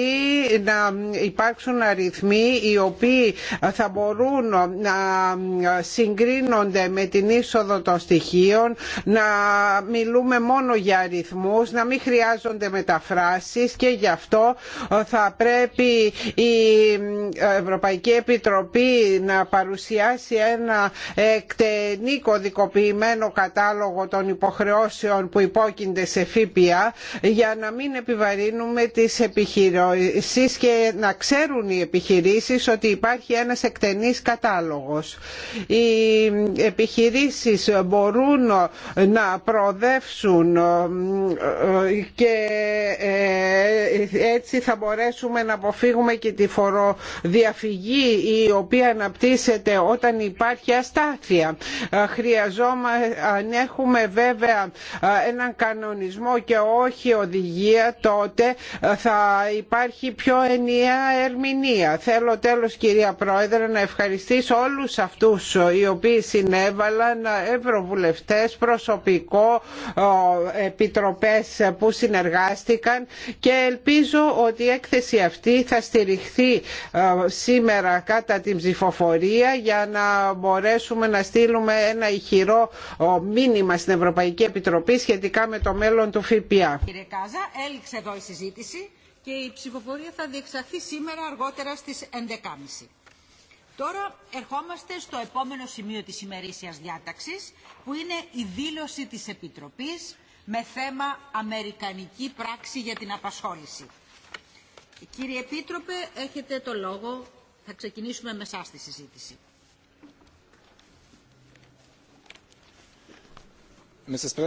[SPEAKER 3] να υπάρξουν αριθμοί οι οποίοι θα μπορούν να συγκρίνονται με την είσοδο των στοιχείων, να μιλούμε μόνο για αριθμούς, να μην χρειάζονται μεταφράσεις και γι' αυτό θα πρέπει η Ευρωπαϊκή Επιτροπή να παρουσιάσει ένα εκτενή κωδικοποιημένο κατάλογο των υποχρεώσεων που υπόκεινται σε ΦΠΑ για να μην επιβαρύνουμε τις επιχειρήσεις και να ξέρουν οι επιχειρήσεις ότι υπάρχει ένας εκτενής κατάλογος. Οι επιχειρήσεις μπορούν να προοδεύσουν ε, και ε, έτσι θα μπορέσουμε να αποφύγουμε και τη φοροδιαφυγή η οποία αναπτύσσεται όταν υπάρχει αστάθεια. Ε, χρειαζόμαστε αν έχουμε βέβαια έναν κανονισμό και όχι οδηγία τότε ε, θα υπάρχει πιο ενιαία ερμηνεία. Θέλω τέλος κυρία Πρόεδρε να ευχαριστήσω όλους αυτούς ε, οι οποίοι συνέβαλαν ε, ευρωβουλευτές, προσωπικό, επιτροπές που συνεργάστηκαν και ελπίζω ότι η έκθεση αυτή θα στηριχθεί σήμερα κατά την ψηφοφορία για να μπορέσουμε να στείλουμε ένα ηχηρό μήνυμα στην Ευρωπαϊκή Επιτροπή σχετικά με το μέλλον του ΦΠΑ.
[SPEAKER 2] Γάζα. Έληξε εδώ η συζήτηση και η ψηφοφορία θα διεξαχθεί σήμερα αργότερα στις 11.30. Τώρα ερχόμαστε στο επόμενο σημείο της ημερήσιας διάταξης που είναι η δήλωση της Επιτροπής με θέμα Αμερικανική πράξη για την απασχόληση. Κύριε Επίτροπε, έχετε το λόγο. Θα ξεκινήσουμε με εσάς τη συζήτηση.